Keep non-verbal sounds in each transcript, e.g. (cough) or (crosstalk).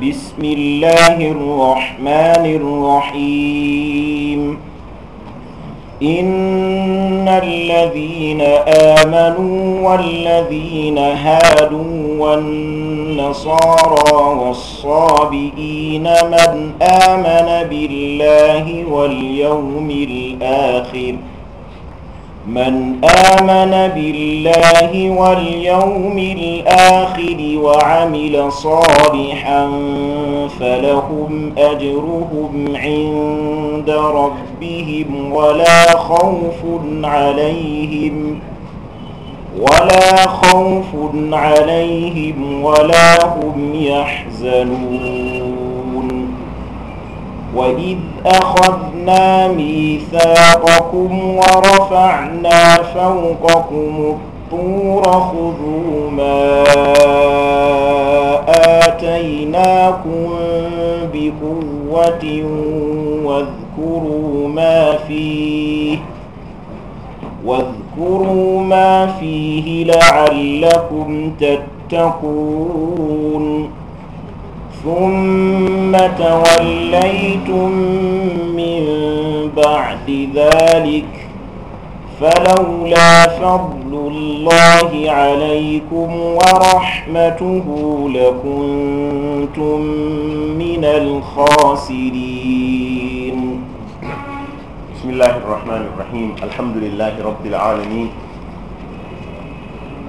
بسم الله الرحمن الرحيم إن الذين آمنوا والذين هادوا والنصارى والصابئين من آمن بالله واليوم الآخر ۖ من آمن بالله واليوم الآخر وعمل صالحا فلهم أجرهم عند ربهم ولا خوف عليهم ولا خوف عليهم ولا هم يحزنون وإذ أخذنا ميثاقكم ورفعنا فوقكم الطور خذوا ما آتيناكم بقوة واذكروا ما فيه واذكروا ما فيه لعلكم تتقون ثم توليتم من بعد ذلك فلولا فضل الله عليكم ورحمته لكنتم من الخاسرين بسم الله الرحمن الرحيم الحمد لله رب العالمين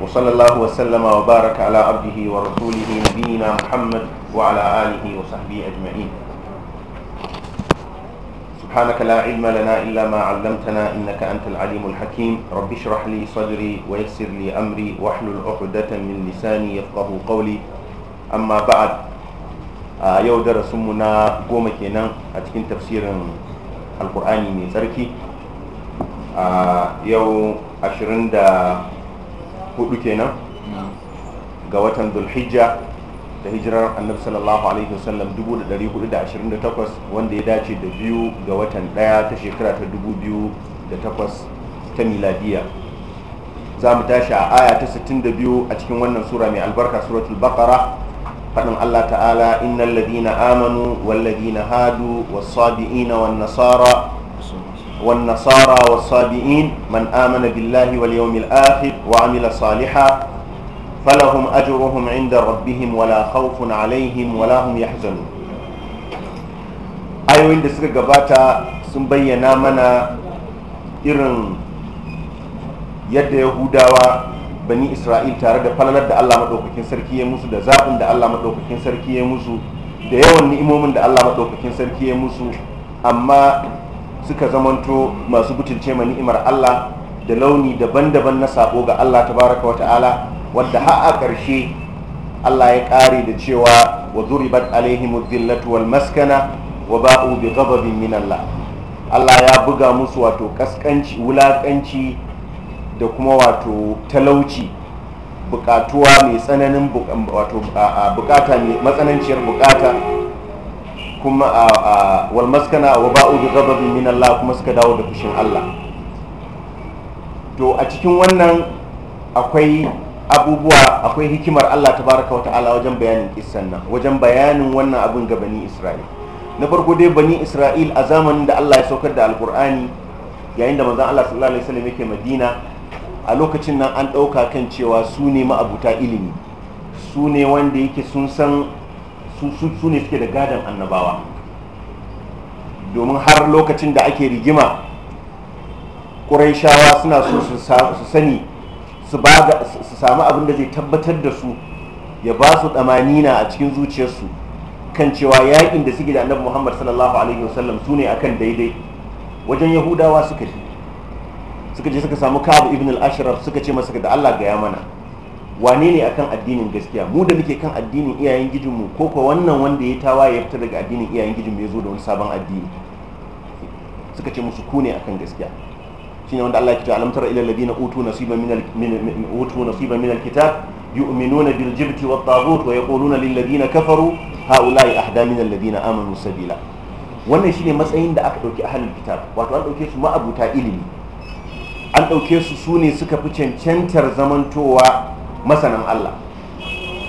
وصلى الله وسلم وبارك على عبده ورسوله نبينا محمد وعلى آله وصحبه أجمعين سبحانك لا علم لنا إلا ما علمتنا إنك أنت العليم الحكيم رب اشرح لي صدري ويسر لي أمري واحلل عقدة من لساني يفقه قولي أما بعد a yau darasinmu na goma kenan a cikin tafsirin alkur'ani mai tsarki a yau 24 kenan ga watan dulhijja da hijirar annabi sallallahu alaihi wasallam 1428 wanda ya dace da biyu ga watan daya ta shekara ta 2008 ta miladiya za mu tashi a aya ta 62 a cikin wannan sura mai albarka suratul baqara fadin Allah ta'ala innal ladina amanu wal ladina hadu was sabiina wan nasara wan nasara was sabiin man amana billahi wal yawmil akhir wa amila salihan فلهم أجرهم عند ربهم ولا خوف عليهم ولا هم يحزنون ayoyin da suka gabata sun bayyana mana irin yadda yahudawa bani isra'il tare da falalar da allah maɗaukakin sarki ya musu da zaɓin da allah maɗaukakin sarki ya musu da yawan ni'imomin da allah maɗaukakin sarki ya musu amma suka zamanto masu butulce ma ni'imar allah da launi daban-daban na sabo ga allah baraka wa ta'ala wadda ha a ƙarshe Allah ya ƙare da cewa wa zuribat alaihim dhillatu wal maskana wa ba'u bi ghadabin min Allah Allah ya buga musu wato kaskanci wulakanci da kuma wato talauci bukatuwa mai tsananin wato bukata mai matsananciyar bukata kuma a wal maskana wa ba'u bi ghadabin min Allah kuma suka dawo da fushin Allah to a cikin wannan akwai abubuwa akwai hikimar Allah ta baraka wa ta'ala wajen bayanin kisan nan wajen bayanin wannan abin ga bani Isra'il na farko dai bani Isra'il a zamanin da Allah ya saukar da alkur'ani yayin da manzon Allah sallallahu alaihi wasallam yake Madina a lokacin nan an ɗauka kan cewa su ne ma'abuta ilimi su ne wanda yake sun san su ne suke da gadon annabawa domin har lokacin da ake rigima ƙuraishawa suna so su sani su samu abin da zai tabbatar da su ya ba su damanina a cikin zuciyarsu kan cewa yaƙin da suke da annabi muhammad sallallahu alaihi wasallam su ne akan daidai wajen yahudawa suka ji suka je suka samu kabu ibn al-ashraf suka ce masa da allah gaya mana wane ne akan addinin gaskiya mu da muke kan addinin iyayen gijinmu ko ko wannan wanda ya tawa ya fitar daga addinin iyayen gijinmu ya zo da wani sabon addini suka ce musu ku ne akan gaskiya shine wanda Allah ya ce alam tara ila Ladina utu nasiba min utu nasiba min kitab yu'minuna bil jibti wat tagut wa yaquluna lil ladina kafaru haula'i ahda min Ladina amanu sabila wannan shine matsayin da aka dauki ahlul kitab wato an dauke su ma'abuta ilimi an dauke su sune suka fi cancantar zamantowa masanan Allah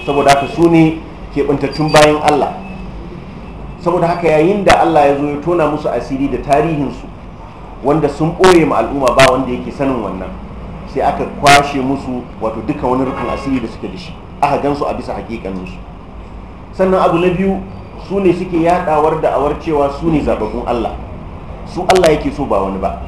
saboda haka sune keɓantattun bayan Allah saboda haka yayin da Allah ya zo ya tona musu asiri da tarihinsu wanda sun ɓoye ma al'umma ba wanda yake sanin wannan sai aka kwashe musu wato duka wani rukun asiri da suke da shi aka gansu a bisa su sannan abu na biyu su ne suke yaɗawar awar cewa su ne zababbun Allah su Allah yake so ba wani ba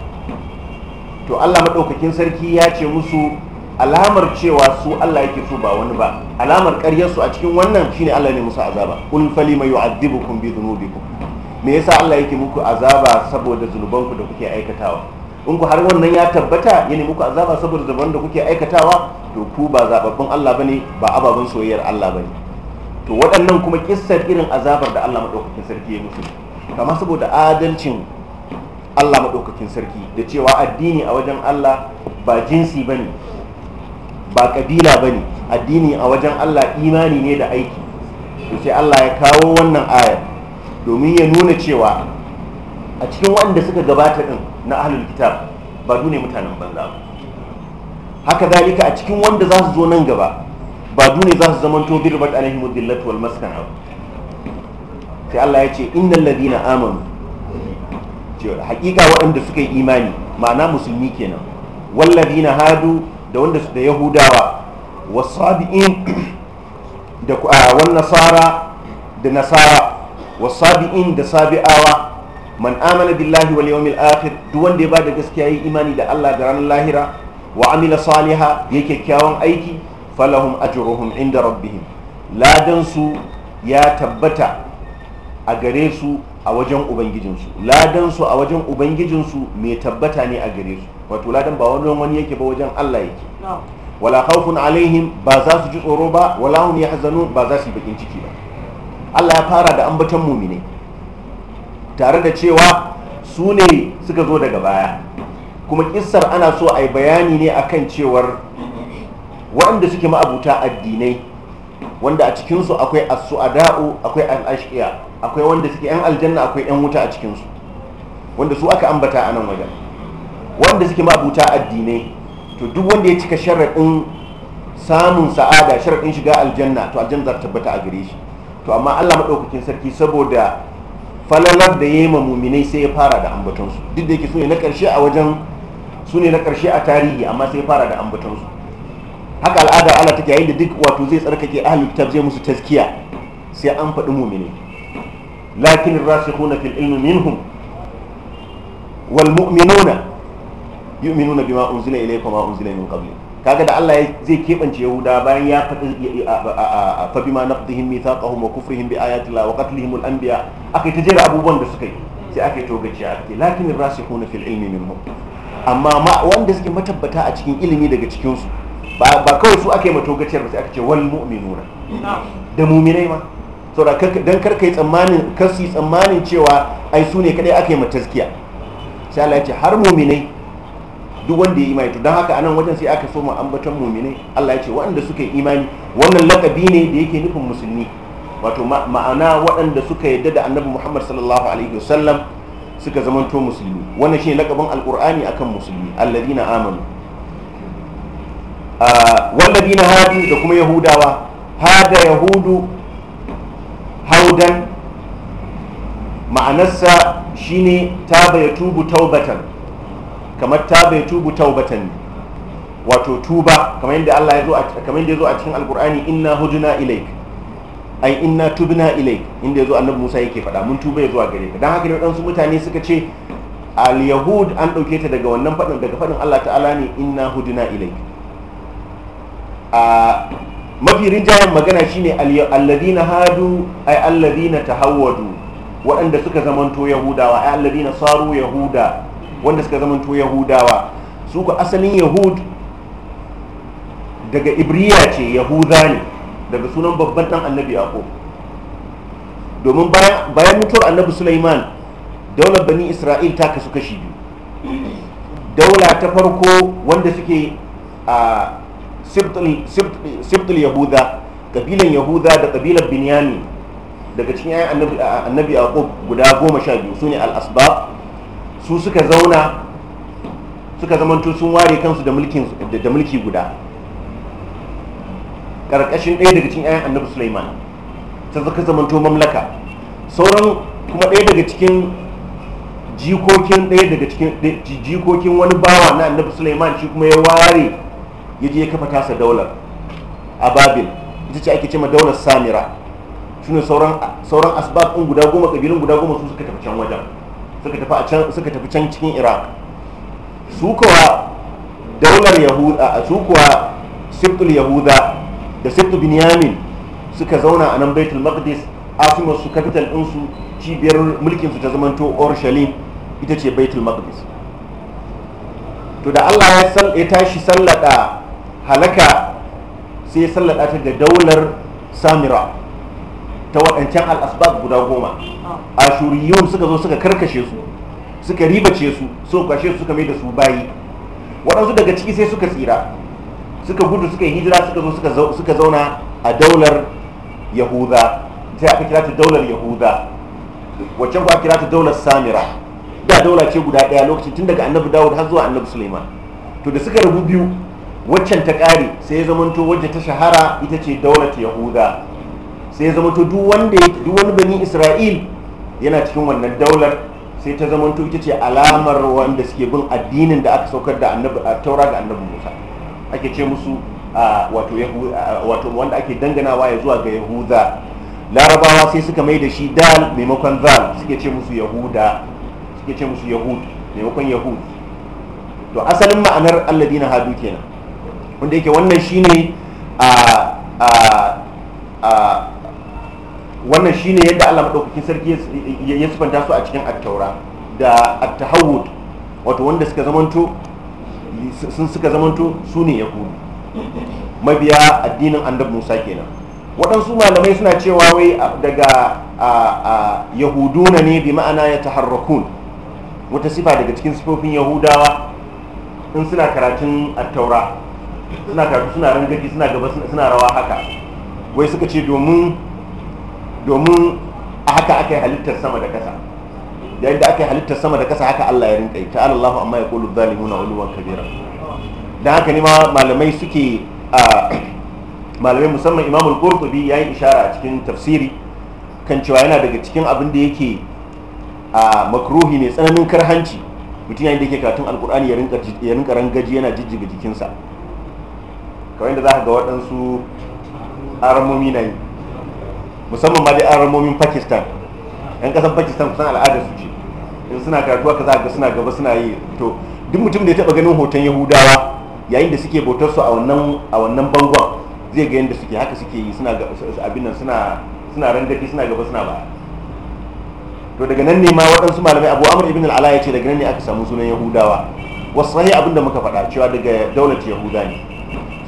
to Allah maɗaukakin sarki ya ce musu alamar cewa su Allah yake so ba wani ba alamar su a cikin wannan shine Allah ne musu azaba kul fali ma kun bi dhunubikum me yasa Allah yake muku azaba saboda zunubanku da kuke aikatawa in ku har wannan ya tabbata yana muku azaba saboda zunuban da kuke aikatawa to ku ba zababbin Allah bane ba ababen soyayyar Allah bane to waɗannan kuma kissar irin azabar da Allah madaukakin sarki ya musu kama saboda adalcin Allah madaukakin sarki da cewa addini a wajen Allah ba jinsi bane ba kabila bane addini a wajen Allah imani ne da aiki to sai Allah ya kawo wannan ayar domin ya nuna cewa a cikin waɗanda suka gabata din na ahlul kitab ba dune mutanen banza ba haka dalika a cikin wanda za su zo nan gaba ba dune za su zamanto birbat alaihim dillatu wal maskan sai Allah ya ce innal ladina amanu cewa hakika waɗanda suka yi imani ma'ana musulmi kenan ladina hadu da wanda su da yahudawa wasabi'in (clears throat) da wan nasara da nasara wasabi'in da sabi'awa man amana billahi wal yawmil akhir duk wanda ya bada gaskiya yi imani da Allah da ranar lahira wa amila saliha ya kyakkyawan aiki falahum ajruhum inda rabbihim ladan su ya tabbata a gare su a wajen ubangijinsu ladan su a wajen ubangijinsu mai tabbata ne a gare su wato ladan ba wani wani yake ba wajen Allah yake wala khawfun alaihim ba za su ji tsoro ba wala hum yahzanun ba za su yi bakin ciki ba Allah ya fara da ambaton mumine tare da cewa su ne suka zo daga baya kuma kissar ana so a yi bayani ne akan cewar waɗanda suke ma'abuta addinai wanda a cikinsu akwai a suadau akwai al-ashqiya akwai wanda suke yan aljanna akwai yan wuta a cikinsu wanda su aka ambata a nan wajen wanda suke ma'abuta addinai to duk wanda ya cika sharaɗin samun sa'ada sharaɗin shiga aljanna to aljanna za ta tabbata a gare shi to amma Allah madaukakin sarki saboda falalar da ya yayi muminai sai ya fara da ambaton duk da yake su na karshe a wajen su na karshe a tarihi amma sai ya fara da ambaton haka al'ada Allah take yayin da duk wato zai tsarkake ahli kitab zai musu taskiya sai an faɗi muminai lakin rasikhuna fil ilmi minhum wal mu'minuna yu'minuna bima unzila ilayka wa ma unzila min qablik kaga da Allah zai keɓance yahuda bayan ya faɗi fabi ma naqdihim mithaqahum wa kufrihim bi ayati wa qatlihim al anbiya akai ta jera abubuwan da suka yi sai akai to gaci akai lakin rasikhuna fil ilmi minhum amma ma wanda suke matabbata a cikin ilimi daga cikin su ba ba kawai su akai matogaciyar ba sai aka ce wal mu'minuna da mu'minai ma saboda dan kar kai tsammanin kasu yi tsammanin cewa ai su ne kadai akai tazkiya sai Allah ya ce har mu'minai duk wanda ya yi mai don haka anan wajen sai aka so mu ambaton muminai Allah ya ce waɗanda suka yi imani wannan lakabi ne da yake nufin musulmi wato ma'ana waɗanda suka yadda da annabi Muhammad sallallahu alaihi wasallam suka zamanto musulmi wannan shine lakabin alqur'ani akan musulmi alladina amanu ah, walladina hadu da kuma yahudawa hada yahudu haudan ma'anarsa shine taba ya tubu taubatan kamar ta bai tubu taubatan ne wato tuba kamar yadda Allah ya zo kamar yadda ya zo a cikin alqur'ani inna hudna ilaik ai inna tubna ilaik inda ya zo annabi Musa yake faɗa mun tuba zuwa gare ka dan haka ne wadansu mutane suka ce al yahud an dauke ta daga wannan faɗin daga faɗin Allah ta'ala ne inna hudna ilaik a mafi rinjayen magana shine alladhina hadu ai alladhina tahawwadu waɗanda suka zamanto yahudawa ai alladhina saru yahuda wanda suka zamanto yahudawa su ku asalin yahud daga ibriya ce yahuda ne daga sunan babban dan annabi yaqub domin bayan mutuwar annabi sulaiman daular bani isra'il ta kasu kashi biyu daula ta farko wanda suke a sibtul yahuda kabilan yahuda da kabilar binyami daga cikin 'ya'yan annabi yaqub guda goma sha biyu su ne al su suka zauna suka zama sun ware kansu da mulki guda ƙarƙashin ɗaya daga cikin ayan annabi suleiman ta zaka zamanto mamlaka sauran kuma ɗaya daga cikin jikokin ɗaya daga cikin jikokin wani bawa na annabi suleiman shi kuma ya ware ya je ya kafa tasa daular a babin ita ce ake cema daular samira shi ne sauran asbabin guda goma ƙabilun guda goma su suka tafi can wajen suka tafi can cikin iraq su kuwa daular yahuda su kuwa siftul yahuda da siftul binyamin suka zauna a nan baitul maqdis asimar su capital din cibiyar mulkinsu su ta zamanto orshalim ita ce baitul maqdis to da Allah ya tashi sallada halaka sai ya sallada ta da daular samira ta waɗancan al'asbab guda goma ah. shuriyun suka zo suka karkashe su suka ribace su suka kwashe su suka mai da su bayi waɗansu daga ciki sai suka tsira suka gudu suka yi hijira suka zo suka zauna a daular yahuda sai aka kira ta daular yahuda waccan kuwa kira ta daular samira da daula ce guda ɗaya lokacin tun daga annabi dawud har zuwa annabi suleiman to da suka rabu biyu waccan ta ƙare sai ya zamanto wacce ta shahara ita ce daular yahuda sai ya to duk wanda duk wani bani isra'il yana cikin wannan daular sai ta zamanto ita ce alamar wanda suke bin addinin da aka saukar da annabi a taura ga annabi musa ake ce musu wato wato wanda ake danganawa ya zuwa ga yahuda larabawa sai suka mai da shi dal maimakon zal suke ce musu yahuda suke ce musu yahud maimakon yahud to asalin ma'anar alladina hadu kenan wanda yake wannan shine a a a wannan shine yadda Allah madaukakin sarki ya sifanta su a cikin at-taura da at wato wanda suka zamanto sun suka zamanto su ne yahudu mabiya addinin annabi Musa kenan waɗansu malamai suna cewa wai daga yahuduna ne bi ma'ana ya taharrakun wata sifa daga cikin sifofin yahudawa in suna karatun at-taura suna karatu suna rangaji suna gaba suna rawa haka wai suka ce domin domin a haka aka yi halittar sama da kasa yayin da aka yi halittar sama da kasa haka Allah ya rinka yi ta'ala Allahu amma ya qulu zalimuna uluwan kabira dan haka ne ma malamai suke malamai musamman Imam al-Qurtubi yayi ishara a cikin tafsiri kan cewa yana daga cikin abin da yake a makruhi ne tsananin karhanci mutum yayin da yake karatun alkur'ani ya rinka rangaji yana jijjiga jikinsa kawai da za ka ga waɗansu aramomi na yi musamman ma dai aramomin pakistan yan kasan pakistan kusan al'adar su ce in suna karatuwa kaza ga suna gaba suna yi to duk mutum da ya taba ganin hoton yahudawa yayin da suke bautar su a wannan a wannan bangon zai ga yadda suke haka suke yi suna abin nan suna suna rangadi suna gaba suna ba to daga nan ne ma waɗansu malamai abu amur ibn al'ala ya ce daga nan ne aka samu sunan yahudawa wasu sahi abin da muka faɗa cewa daga daular yahuda ne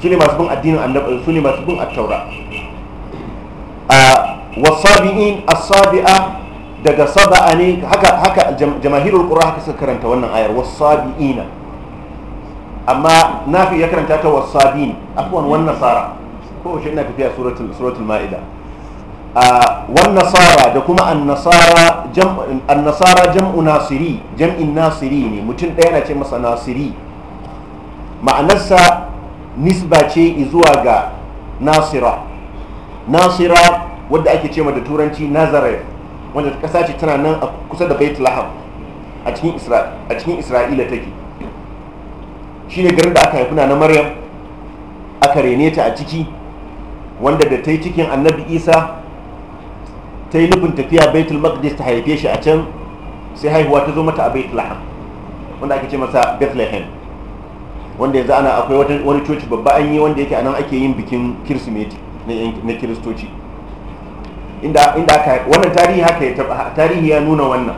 su ne masu bin addinin annabi su ne masu bin attaura wasabi'in asabi'a daga saba'a ne haka haka jamahirul qurra haka suka karanta wannan ayar wasabi'ina amma nafi ya karanta ta wasabin afwan wan nasara ko shi ina tafiya suratul suratul maida wan nasara da kuma an nasara jam an nasara jam'u nasiri jam'in nasiri ne mutum ɗaya na ce masa nasiri ma'anarsa nisba ce zuwa ga nasira nasira wadda ake ce da turanci nazareth wanda kasa ce tana nan a kusa da bait laham a cikin isra'ila take shi ne garin da aka haifi na maryam aka rene ta a ciki wanda da ta yi cikin annabi isa ta yi nufin tafiya baitul maqdis ta haife shi a can sai haihuwa ta zo mata a bait laham wanda ake ce masa bethlehem wanda yanzu ana akwai wani coci babba an yi wanda yake anan ake yin bikin kirsimeti na kiristoci inda aka wannan tarihi haka ya taba tarihi ya nuna wannan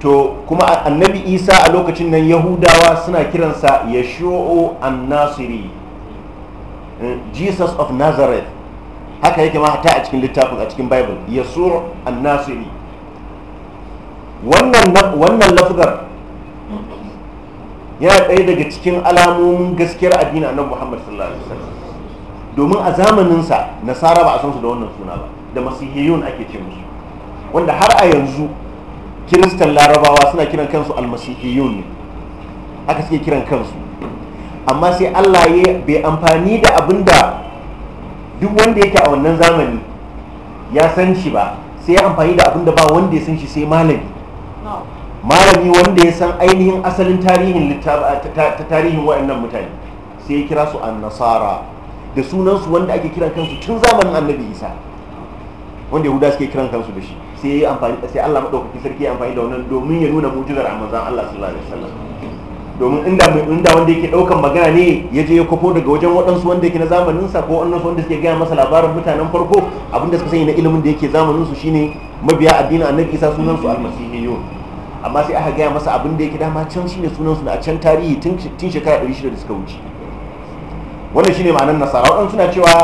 to kuma annabi isa a lokacin nan yahudawa suna kiransa yashu'u an-nasiri eh, jesus of nazareth haka yake ma hata a cikin littafin a cikin bible yasur an-nasiri wannan wannan lafzar yana ɗaya daga cikin alamomin gaskiyar addini annabi muhammad sallallahu alaihi wasallam domin a zamaninsa nasara ba a san su da wannan suna ba da masihiyun ake ce musu wanda har a yanzu kiristan larabawa suna kiran kansu almasihiyun ne haka suke kiran kansu amma sai allah ya bai amfani da abin da duk wanda yake a wannan zamani ya san shi ba sai ya amfani da abin da ba wanda ya san shi sai malami malami wanda ya san ainihin asalin tarihin tarihin waɗannan mutane sai ya kira su annasara da sunansu wanda ake kiran kansu tun zamanin annabi isa wanda yahuda suke kiran kansu da shi sai yi amfani sai Allah madaukaki sarki ya amfani da wannan domin ya nuna mu'jizar manzon Allah sallallahu alaihi wasallam domin inda inda wanda yake daukan magana ne ya je ya kofo daga wajen waɗansu wanda yake na zamanin sa ko wannan wanda suke gaya masa labarin mutanen farko abinda suka sani na ilimin da yake zamanin su shine mabiya addini annabi Isa sunan su almasihiyun amma sai aka gaya masa abin da yake dama can shine sunan su na can tarihi tun shekara 600 da suka wuce wannan shine ma'anar nasara waɗansu suna cewa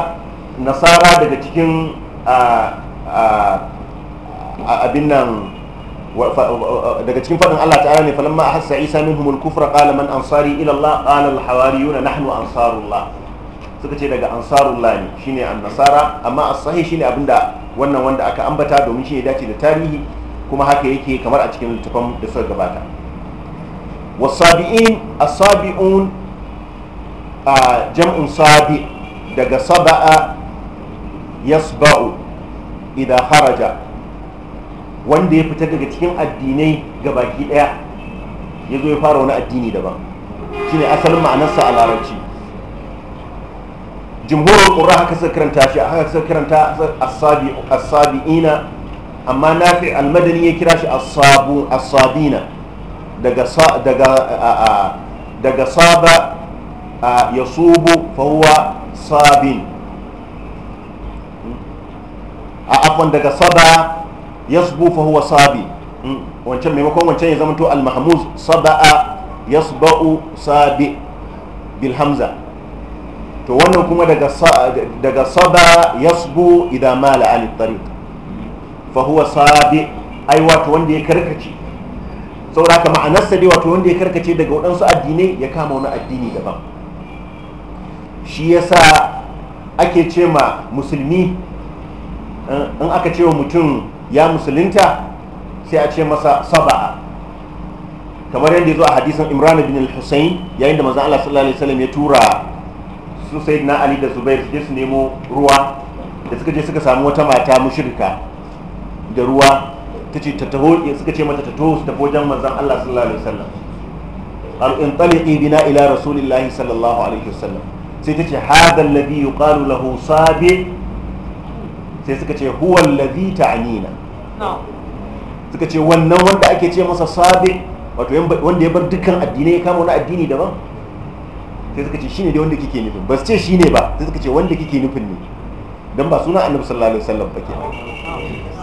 nasara daga cikin ah, abin nan daga cikin faɗin Allah ta'ala ne falamma ahassa Isa minhum al-kufra qala man ansari ila Allah qala al-hawariyuna nahnu ansarullah suka ce daga ansarullah ne shine an-nasara amma as-sahih shine abinda wannan wanda aka ambata domin shi ne dace da tarihi kuma haka yake kamar a cikin littafin da suka gabata wasabi'in as-sabi'un jam'un sabi daga saba'a yasba'u idan haraja wanda ya fita daga cikin addinai ga baki daya ya zo ya fara wani addini daban shine asalin ma'anarsa a larabci jimhurin ƙura haka suka karanta shi haka suka karanta amma na fi almadani ya kira shi a sabina daga daga daga saba yasubu sabin a afwan daga sada yasbu fa huwa sabi hmm. wancan maimakon wancan ya zama to al-mahmuz ya yasba'u sabi bil hamza to wannan kuma daga daga ya yasbu idza mala an tariq fa huwa sabi ai wato wanda ya karkace saboda haka ma'anar sa dai wato wanda ya karkace daga waɗansu addinai ya kama wani addini daban shi yasa ake ce ma musulmi in aka ce wa mutum ya musulunta sai a ce masa saba'a kamar yadda ya zo a hadisan imran bin al-husayn yayin da manzon Allah sallallahu alaihi wasallam ya tura su sayyidina ali da zubair su je su nemo ruwa da suka je suka samu wata mata mushrika da ruwa ta ce ta taho suka ce mata ta taho su tafi wajen manzon Allah sallallahu alaihi wasallam in intaliqi bina ila rasulillahi sallallahu alaihi wasallam sai ta ce hadha alladhi yuqalu lahu sabi sai suka ce huwa allazi anina suka ce wannan wanda ake ce masa sabi wato wanda ya bar dukkan addinai ya kama wani addini daban sai suka ce shine dai wanda kike nufin ba su ce shine ba sai suka ce wanda kike nufin ne Don ba suna annabi sallallahu alaihi wasallam ba ke.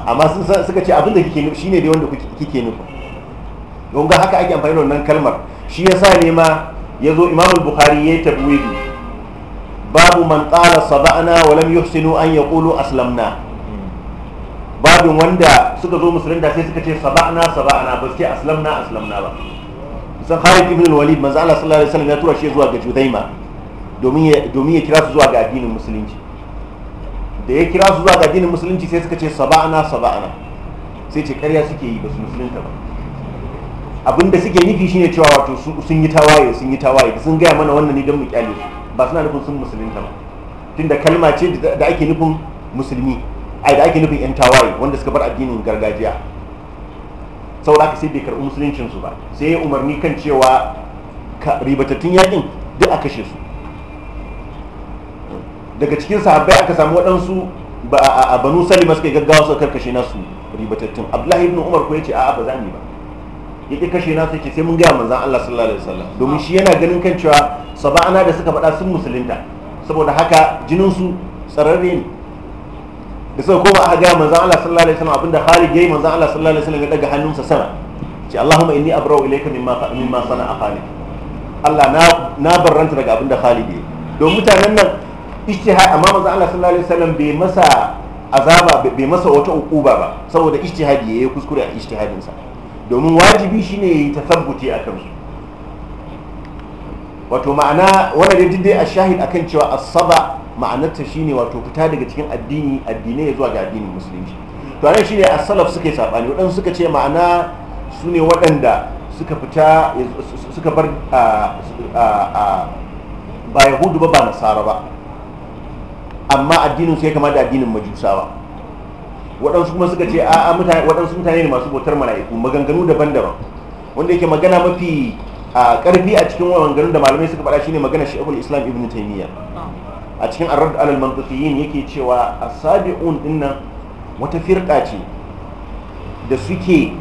amma suka ce abinda kike nufi shine dai wanda kike nufin. don ga haka ake amfani da wannan kalmar shi yasa ne ma yazo imamul Bukhari yayi tabwidi babu man ƙala sada'ana wa lam yuhsinu an yaqulu aslamna babin wanda suka zo musulunta sai suka ce saba'na saba'na ba su ce aslamna aslamna ba san Khalid ibn al-Walid manzo Allah sallallahu alaihi wasallam ya tura shi zuwa ga Judaima domin ya domin ya kira su zuwa ga addinin musulunci da ya kira su zuwa ga addinin musulunci sai suka ce saba'na saba'na sai ce ƙarya suke yi ba su musulunta ba abinda suke nufi shine cewa wato sun yi tawaye sun yi tawaye sun gaya mana wannan ne don mu kyale su ba suna nufin sun ta ba tunda kalma ce da ake nufin musulmi ai da ake nufin yan tawaye wanda suka bar addinin gargajiya saboda haka sai bai karɓi musuluncin su ba sai ya umarni kan cewa ribatattun yakin duk a kashe su daga cikin sahabbai aka samu waɗansu ba a banu salima suka yi gaggawa suka karkashe nasu ribatattun abdullahi ibn umar ko ya ce a'a ba za mu yi ba ya kashe na sai sai mun gaya manzan Allah sallallahu alaihi wasallam domin shi yana ganin kan cewa saba'ana da suka faɗa sun musulunta saboda haka jinin su tsararre ne da suka koma aka gaya manzan Allah sallallahu alaihi wasallam abinda Khalid yayi manzan Allah sallallahu alaihi wasallam ya daga hannunsa sama ce Allahumma inni abrau ilayka mimma mimma sana'a Khalid Allah na na barranta daga abinda Khalid yayi don mutanen nan ijtihad amma manzan Allah sallallahu alaihi wasallam bai masa azaba bai masa wata ukuba ba saboda ijtihadi yayi kuskure a ijtihadin sa domin wajibi shine tabbuti a kan su wato ma'ana wani dai dai a shahid akan cewa asaba ma'anarta shine wato fita daga cikin addini addinai ya zuwa ga addinin musulunci to anan shine as-salaf suka yi sabani wadansu suka ce ma'ana su ne waɗanda suka fita suka bar ba yahudu ba ba nasara ba amma addinin su ya kama da addinin majusawa waɗansu kuma suka ce a mutane waɗansu mutane ne masu bautar mala'iku maganganu daban-daban wanda yake magana mafi a ƙarfi a cikin maganganun da malamai suka faɗa shine magana shekul islam ibn taimiyya a cikin arrad alal mantiqiyin yake cewa asabi'un dinnan wata firka ce da suke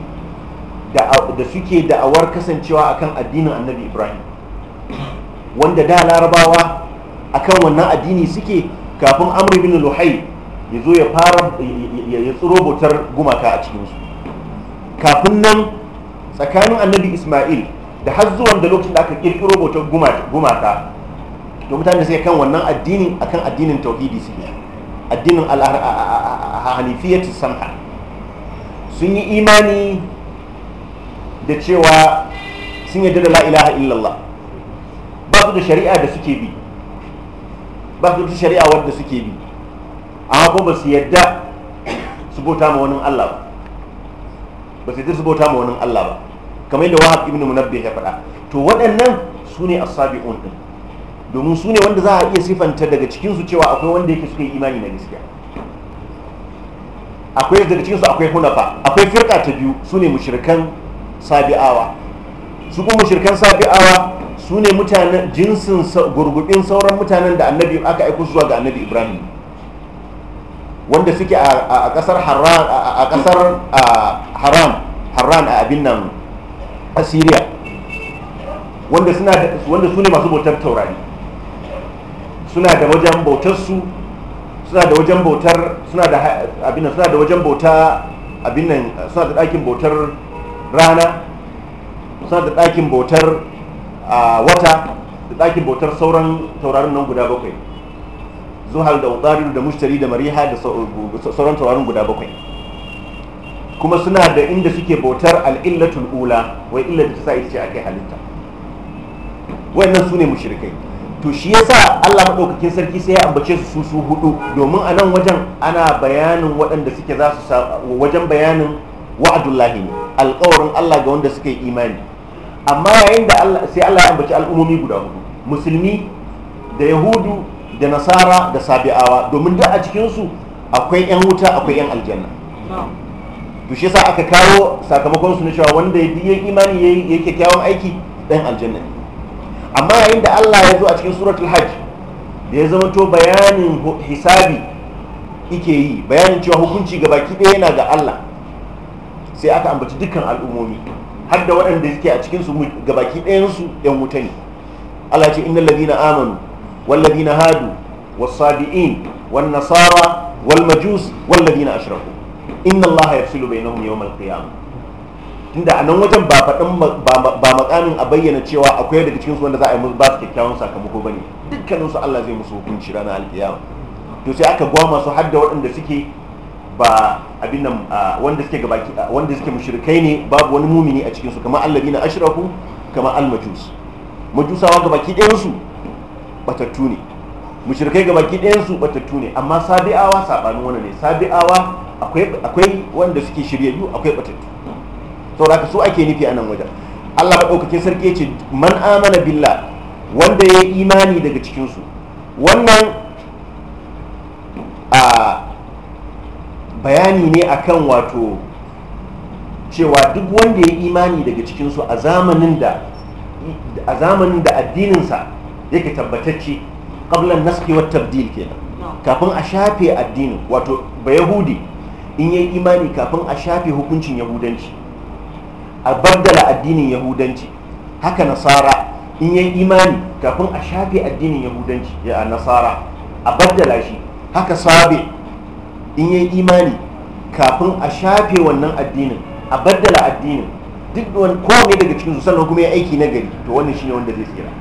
da suke da'awar kasancewa akan addinin annabi ibrahim wanda da larabawa akan wannan addini suke kafin amr ibn luhai ya zo ya fara ya tsiro bautar gumaka a cikinsu kafin nan tsakanin annabi ismail da har zuwan da lokacin da aka kirkiro bautar gumaka to mutane sai kan wannan addinin akan addinin tauhidi su biya addinin hanifiyatu samha sun yi imani da cewa sun yadda da la'ilaha illallah ba su da shari'a da suke bi ba su da shari'a wadda suke bi amma kuma ba su yadda su bauta ma wani Allah ba ba su yadda su bauta ma wani Allah ba kamar yadda wahab ibn munabbih ya faɗa to waɗannan su ne asabi'un din domin su ne wanda za a iya sifanta daga cikin su cewa akwai wanda yake suka yi imani na gaskiya akwai daga cikin su akwai hunafa akwai firka ta biyu su ne mushrikan sabi'awa su kuma mushrikan sabi'awa su ne mutanen jinsin gurgubin sauran mutanen da annabi aka aiko zuwa ga annabi ibrahim wanda suke a kasar haram a haram a abin nan assyria wanda wanda su ne masu bautar taurari suna da wajen bautar su suna da wajen bautar suna da abin nan suna da wajen bauta abin nan suna da ɗakin bautar rana suna da ɗakin bautar wata da ɗakin bautar sauran taurarin nan guda bakwai zuhal da utarilu da mushtari da mariha da sauran taurarin guda bakwai kuma suna da inda suke bautar al'illatul ula wai illa da ta sa ita ce ake halitta wannan su ne mushrikai to shi yasa Allah madaukakin sarki sai ya ambace su su su hudu domin a nan wajen ana bayanin waɗanda suke za su wajen bayanin wa'adullahi ne alƙawarin Allah ga wanda suka yi imani amma yayin da Allah sai Allah ya ambaci al'umomi guda hudu musulmi da yahudu da nasara da sabi'awa domin duk a cikinsu akwai 'yan wuta akwai 'yan aljanna to shi yasa aka kawo sakamakon su na cewa wanda ya yi imani ya yi kyakkyawan aiki ɗan aljanna ne amma yayin da allah ya zo a cikin suratul hajj da ya zama to bayanin hisabi ike yi bayanin cewa hukunci ga baki ɗaya yana ga allah sai aka ambaci dukkan al'ummomi har da waɗanda suke a cikinsu ga baki ɗayansu 'yan wuta ne allah ce innal ladina amanu والذين هادوا والصابئين والنصارى والمجوس والذين أشركوا إن الله يفصل بينهم يوم القيامة tunda a nan wajen ba faɗin ba makamin a bayyana cewa akwai daga cikinsu wanda za a yi musu ba su kyakkyawan sakamako ba ne su Allah zai musu hukunci ranar alkiyama to sai aka gwama su har da waɗanda suke ba abin nan wanda suke gabaki wanda suke mushrikai ne babu wani mumini a cikinsu kamar alladina ashraku kamar almajus majusawa gabaki ɗayan su batattu ne mushrikai ga baki ɗayan su batattu ne amma sabi'awa sabanin wani ne sabi'awa akwai wanda suke shiryayyu akwai batattu saboda su ake nufi a nan wajen Allah maɗaukakin sarki ya ce man amana billah wanda ya yi imani daga cikin su wannan a bayani ne akan wato cewa duk wanda ya imani daga cikinsu a zamanin da a zamanin da addininsa yake tabbatacce ƙablan naski wa tabdil ke kafin a shafe addini wato ba yahudi in yi imani kafin a shafe hukuncin yahudanci a baddala addinin yahudanci haka nasara in yi imani kafin a shafe addinin yahudanci ya nasara a baddala shi haka sabe in yi imani kafin a shafe wannan addinin a baddala addinin duk wani kowane daga cikin su sannan kuma ya aiki na gari to wannan shine wanda zai tsira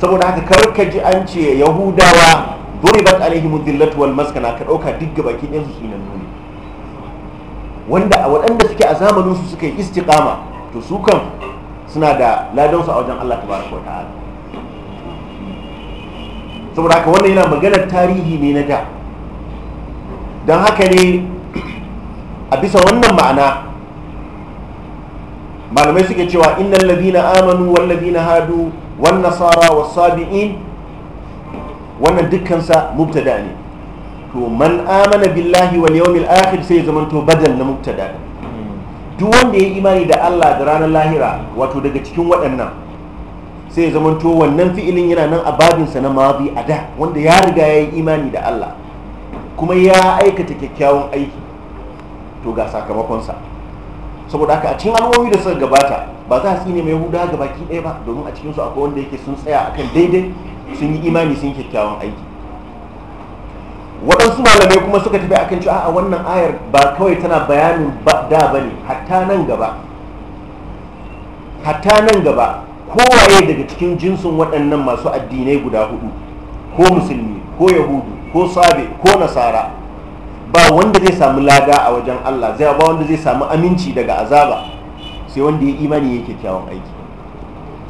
saboda haka kar ka ji an ce yahudawa duribat alaihim dhillatu wal maskana ka dauka duk baki ɗin su nan nuni wanda waɗanda suke a zamanin su suka yi istiqama to su kan suna da ladan su a wajen Allah tabaraka wa ta'ala saboda haka wannan yana maganar tarihi ne na da dan haka ne a bisa wannan ma'ana malamai suke cewa innal ladina amanu wal ladina hadu wan nasara was sabi'in wannan dukkansa da ne to man amana billahi wal yawmil akhir sai zaman to badal na mubtada duk wanda ya yi imani da Allah da ranar lahira wato daga cikin waɗannan sai zaman to wannan fi'ilin yana nan a babinsa na mabi a da wanda ya riga ya yi imani da Allah kuma ya aikata kyakkyawan aiki to ga sakamakonsa saboda haka a cikin al'ummomi da suka gabata ba za su ne mai huda ga baki ɗaya ba domin a cikinsu akwai wanda yake sun tsaya akan daidai sun yi imani sun kyakkyawan aiki waɗansu malamai kuma suka tafi akan cewa a wannan ayar ba kawai tana bayanin da ba ne hatta nan gaba hatta nan gaba kowaye daga cikin jinsin waɗannan masu addinai guda hudu ko musulmi ko yahudu ko sabe ko nasara ba wanda zai samu lada a wajen Allah zai ba wanda zai samu aminci daga azaba sai wanda ya imani ya kyakkyawan aiki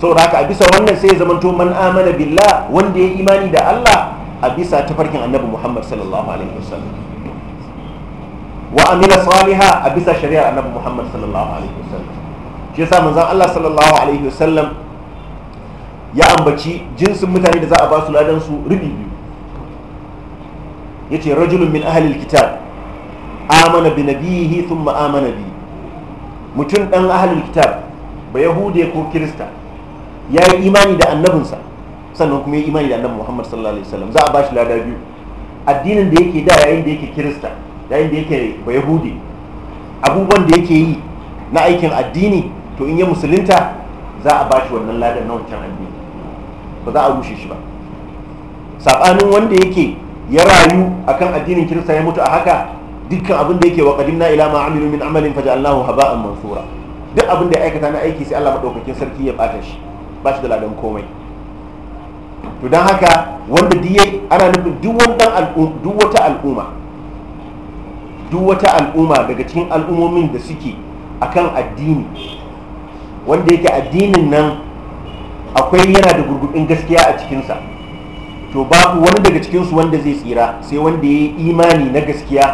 Sau da haka a bisa wannan sai ya to man amana billah wanda ya imani da Allah a bisa ta farkin annabi Muhammad sallallahu alaihi wasallam wa amila saliha a bisa shari'ar annabi Muhammad sallallahu alaihi wasallam shi yasa manzon Allah sallallahu alaihi wasallam ya ambaci jinsin mutane da za a ba su ladan su rubi biyu yace rajulun min ahlil kitab amana bi nabihi thumma amana bi mutum dan ahlul kitab ba yahude ko kirista ya yi imani da annabinsa sannan kuma ya imani da annabi Muhammad sallallahu alaihi wasallam za a bashi lada biyu addinin da yake da yayin da yake kirista yayin da yake ba yahudi abubuwan da yake yi na aikin addini to in ya musulunta za a bashi wannan ladan na wancan addini ba za a rushe shi ba saɓanin wanda yake ya rayu akan addinin kirista ya mutu a haka dukkan abin da yake wa qadimna ila ma amilu min amalin faj'alnahu haba'an mansura duk abin da ya aikata na aiki sai Allah madaukakin sarki ya bata shi ba shi da ladan komai to dan haka wanda diye ana nufin duk wannan duk wata al'umma duk wata al'umma daga cikin al'ummomin da suke akan addini wanda yake addinin nan akwai yana da gurgudun gaskiya a cikinsa to babu wani daga cikinsu wanda zai tsira sai wanda ya yi imani na gaskiya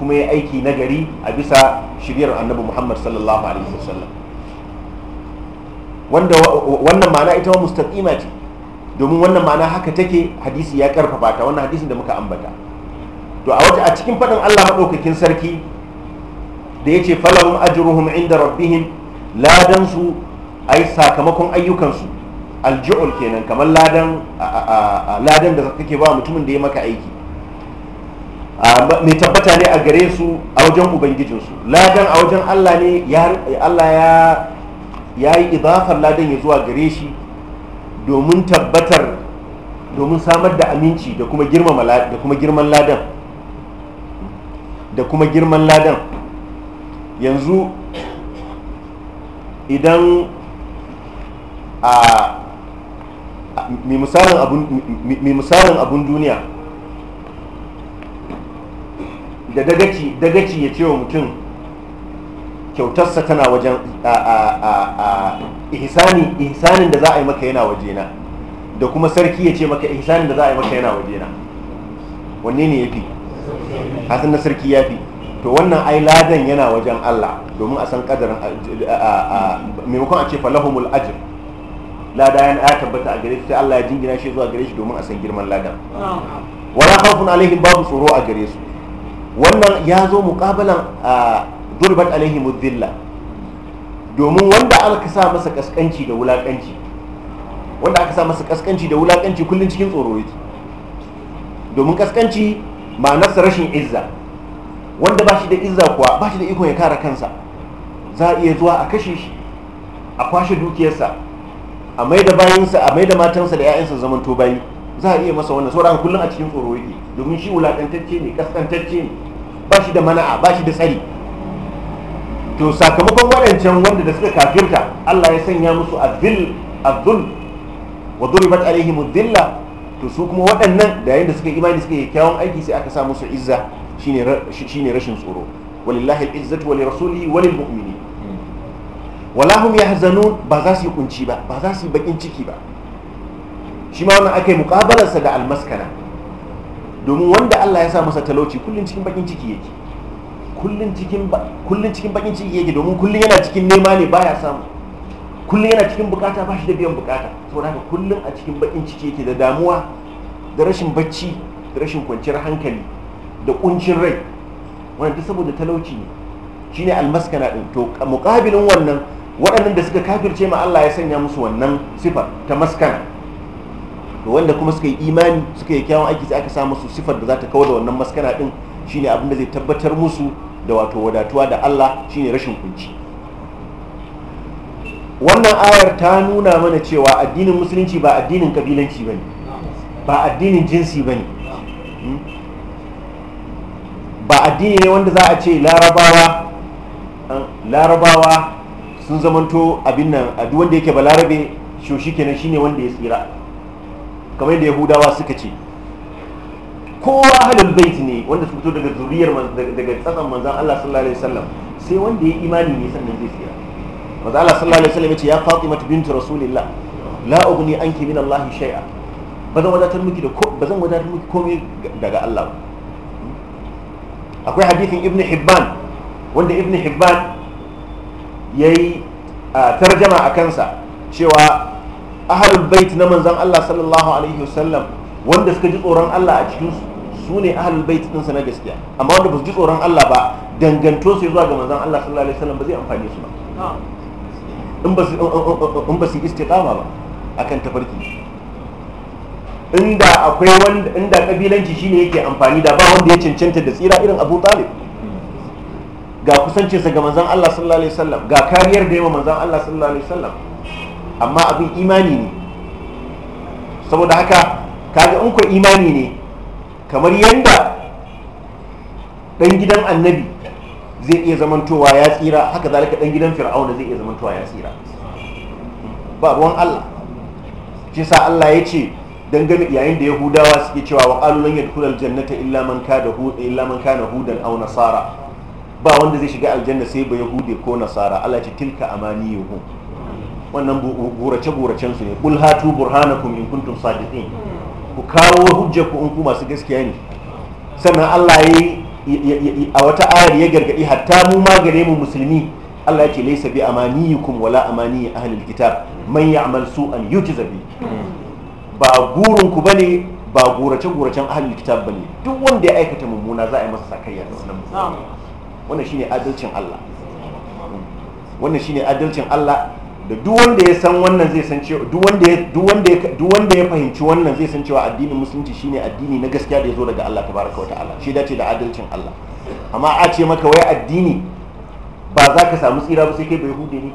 kuma ya aiki na gari a bisa shiryar annabi muhammad sallallahu alaihi wasallam wanda wannan ma'ana ita mustaqima ce domin wannan ma'ana haka take hadisi ya karfafa ta wannan hadisin da muka ambata to a wata a cikin fadin allah madaukakin sarki da yace ce falahum ajruhum inda rabbihim su ai sakamakon ayyukan su. alji'ul kenan kamar ladan ladan da kake ba mutumin da ya maka aiki mai tabbata ne a gare su a wajen ubangijinsu ladan a wajen allah ne allah ya yi idafar ladan ya zuwa gare shi domin tabbatar domin samar da aminci da kuma girman ladan da kuma girman ladan yanzu idan a mai misalin abun duniya da dagaci dagaci ya ce wa mutum kyautarsa tana wajen ihsani ihsanin da za a yi maka yana wajena da kuma sarki ya ce maka ihsanin da za a yi maka yana wajena wanne ne ya fi hasin na sarki ya fi to wannan ai ladan yana wajen Allah domin a san kadarin maimakon a ce falahumul ajr lada ya tabbata a gare sai Allah ya jingina shi zuwa gare shi domin a san girman ladan wala khawfun alaihim babu tsoro a gare su wannan ya zo muqabalan durbat alaihim dhilla domin wanda aka sa masa kaskanci da wulakanci wanda aka sa masa kaskanci da wulakanci kullun cikin tsoro yake domin kaskanci ma'anarsa rashin izza wanda ba shi da izza kuwa ba shi da ikon ya kare kansa za a iya zuwa a kashe shi a kwashe dukiyarsa a mai da bayansa a mai da matansa da 'ya'yansa zaman to bayi za a iya masa wannan sauran kullum a cikin tsoro yake domin shi wulaƙantacce ne kaskantacce ne ba shi da mana'a ba shi da tsari to sakamakon waɗancan wanda da suka kafirta Allah ya sanya musu azil azul wa duribat alaihim dhilla to su kuma waɗannan da yayin da suka imani suka yi kyawun aiki sai aka sa musu izza shine shine rashin tsoro walillahi al'izzatu izzatu li lirasulihi wa walahum hazanu ba za su yi kunci ba ba za su yi bakin ciki ba shi ma wannan aka yi mukabalarsa da almaskana domin wanda Allah ya sa masa talauci kullum cikin bakin ciki yake kullum cikin cikin bakin ciki yake domin kullum yana cikin nema ne ba ya samu kullum yana cikin bukata ba shi da biyan bukata saboda haka kullum a cikin bakin ciki yake da damuwa da rashin bacci da rashin kwanciyar hankali da kuncin rai wanda duk saboda talauci ne shine almaskana din to mukabilin wannan waɗannan da suka kafirce ma Allah ya sanya musu wannan sifar ta maskana to wanda kuma suka yi imani suka yi kyawun aiki sai aka sa musu sifar da za ta kawo da wannan maskana din shine abin da zai tabbatar musu da wato wadatuwa da Allah shine rashin kunci wannan ayar ta nuna mana cewa addinin musulunci ba addinin kabilanci bane ba addinin jinsi bane hmm? ba addini ne wanda za a ce larabawa sun zamanto abin nan a duk wanda yake balarabe shi shi kenan shine wanda ya tsira kamar da yahudawa suka ce kowa halin bait ne wanda su fito daga zuriyar daga tsatsan manzan Allah sallallahu alaihi wasallam sai wanda ya imani ne sannan zai tsira manzan Allah sallallahu alaihi wasallam ya ce ya Fatima bint Rasulillah la ugni anki min Allah shay'a bazan wadatar miki da ko bazan wadatar miki komai daga Allah akwai hadisin Ibn Hibban wanda Ibn Hibban ya yi tarjama a kansa cewa ahalul bait na manzan Allah sallallahu alaihi wasallam wanda suka ji tsoron Allah a cikin su ne ahalul bait ɗinsa na gaskiya amma wanda ba su ji tsoron Allah ba danganto su zuwa ga manzan Allah sallallahu alaihi wasallam ba zai amfani su ba in ba su istiqama ba akan tafarki inda akwai wanda inda kabilanci shine yake amfani da ba wanda ya cancanta da tsira irin Abu Talib ga kusancinsa ga manzan Allah sallallahu alaihi wasallam ga kariyar da yawa manzan Allah sallallahu alaihi wasallam amma abin imani ne saboda haka kaga in ku imani ne kamar yanda dan gidan annabi zai iya zamantowa ya tsira haka zalika dan gidan fir'auna zai iya zamantowa ya tsira ba ruwan Allah shi sa Allah ya ce dangane yayin da yahudawa suke cewa wa qalu lan yadkhulul jannata illa man illa man kana hudan aw nasara ba wanda zai shiga aljanna sai ba yahude ko nasara Allah ce tilka amaniyuhum wannan gurace guracen su ne kul hatu burhanakum in kuntum sadiqin ku kawo hujja ku in ku masu gaskiya ne sannan Allah ya a wata ayar ya gargadi hatta mu ma gare mu musulmi Allah ya ce laysa bi amaniyukum wala amani ahli alkitab man ya'mal su'an yujza bi ba gurun ku bane ba gurace guracen ahli alkitab bane duk wanda ya aikata mummuna za a yi masa sakayya da wannan wannan shine adalcin Allah wannan shine adalcin Allah da duk wanda ya san wannan zai san cewa duk wanda ya duk wanda ya duk wanda ya fahimci wannan zai san cewa addinin musulunci shine addini na gaskiya da yazo daga Allah tabaraka wa ta'ala shi dace da adalcin Allah amma a ce maka wai addini ba za ka samu tsira ba sai kai bai hude ne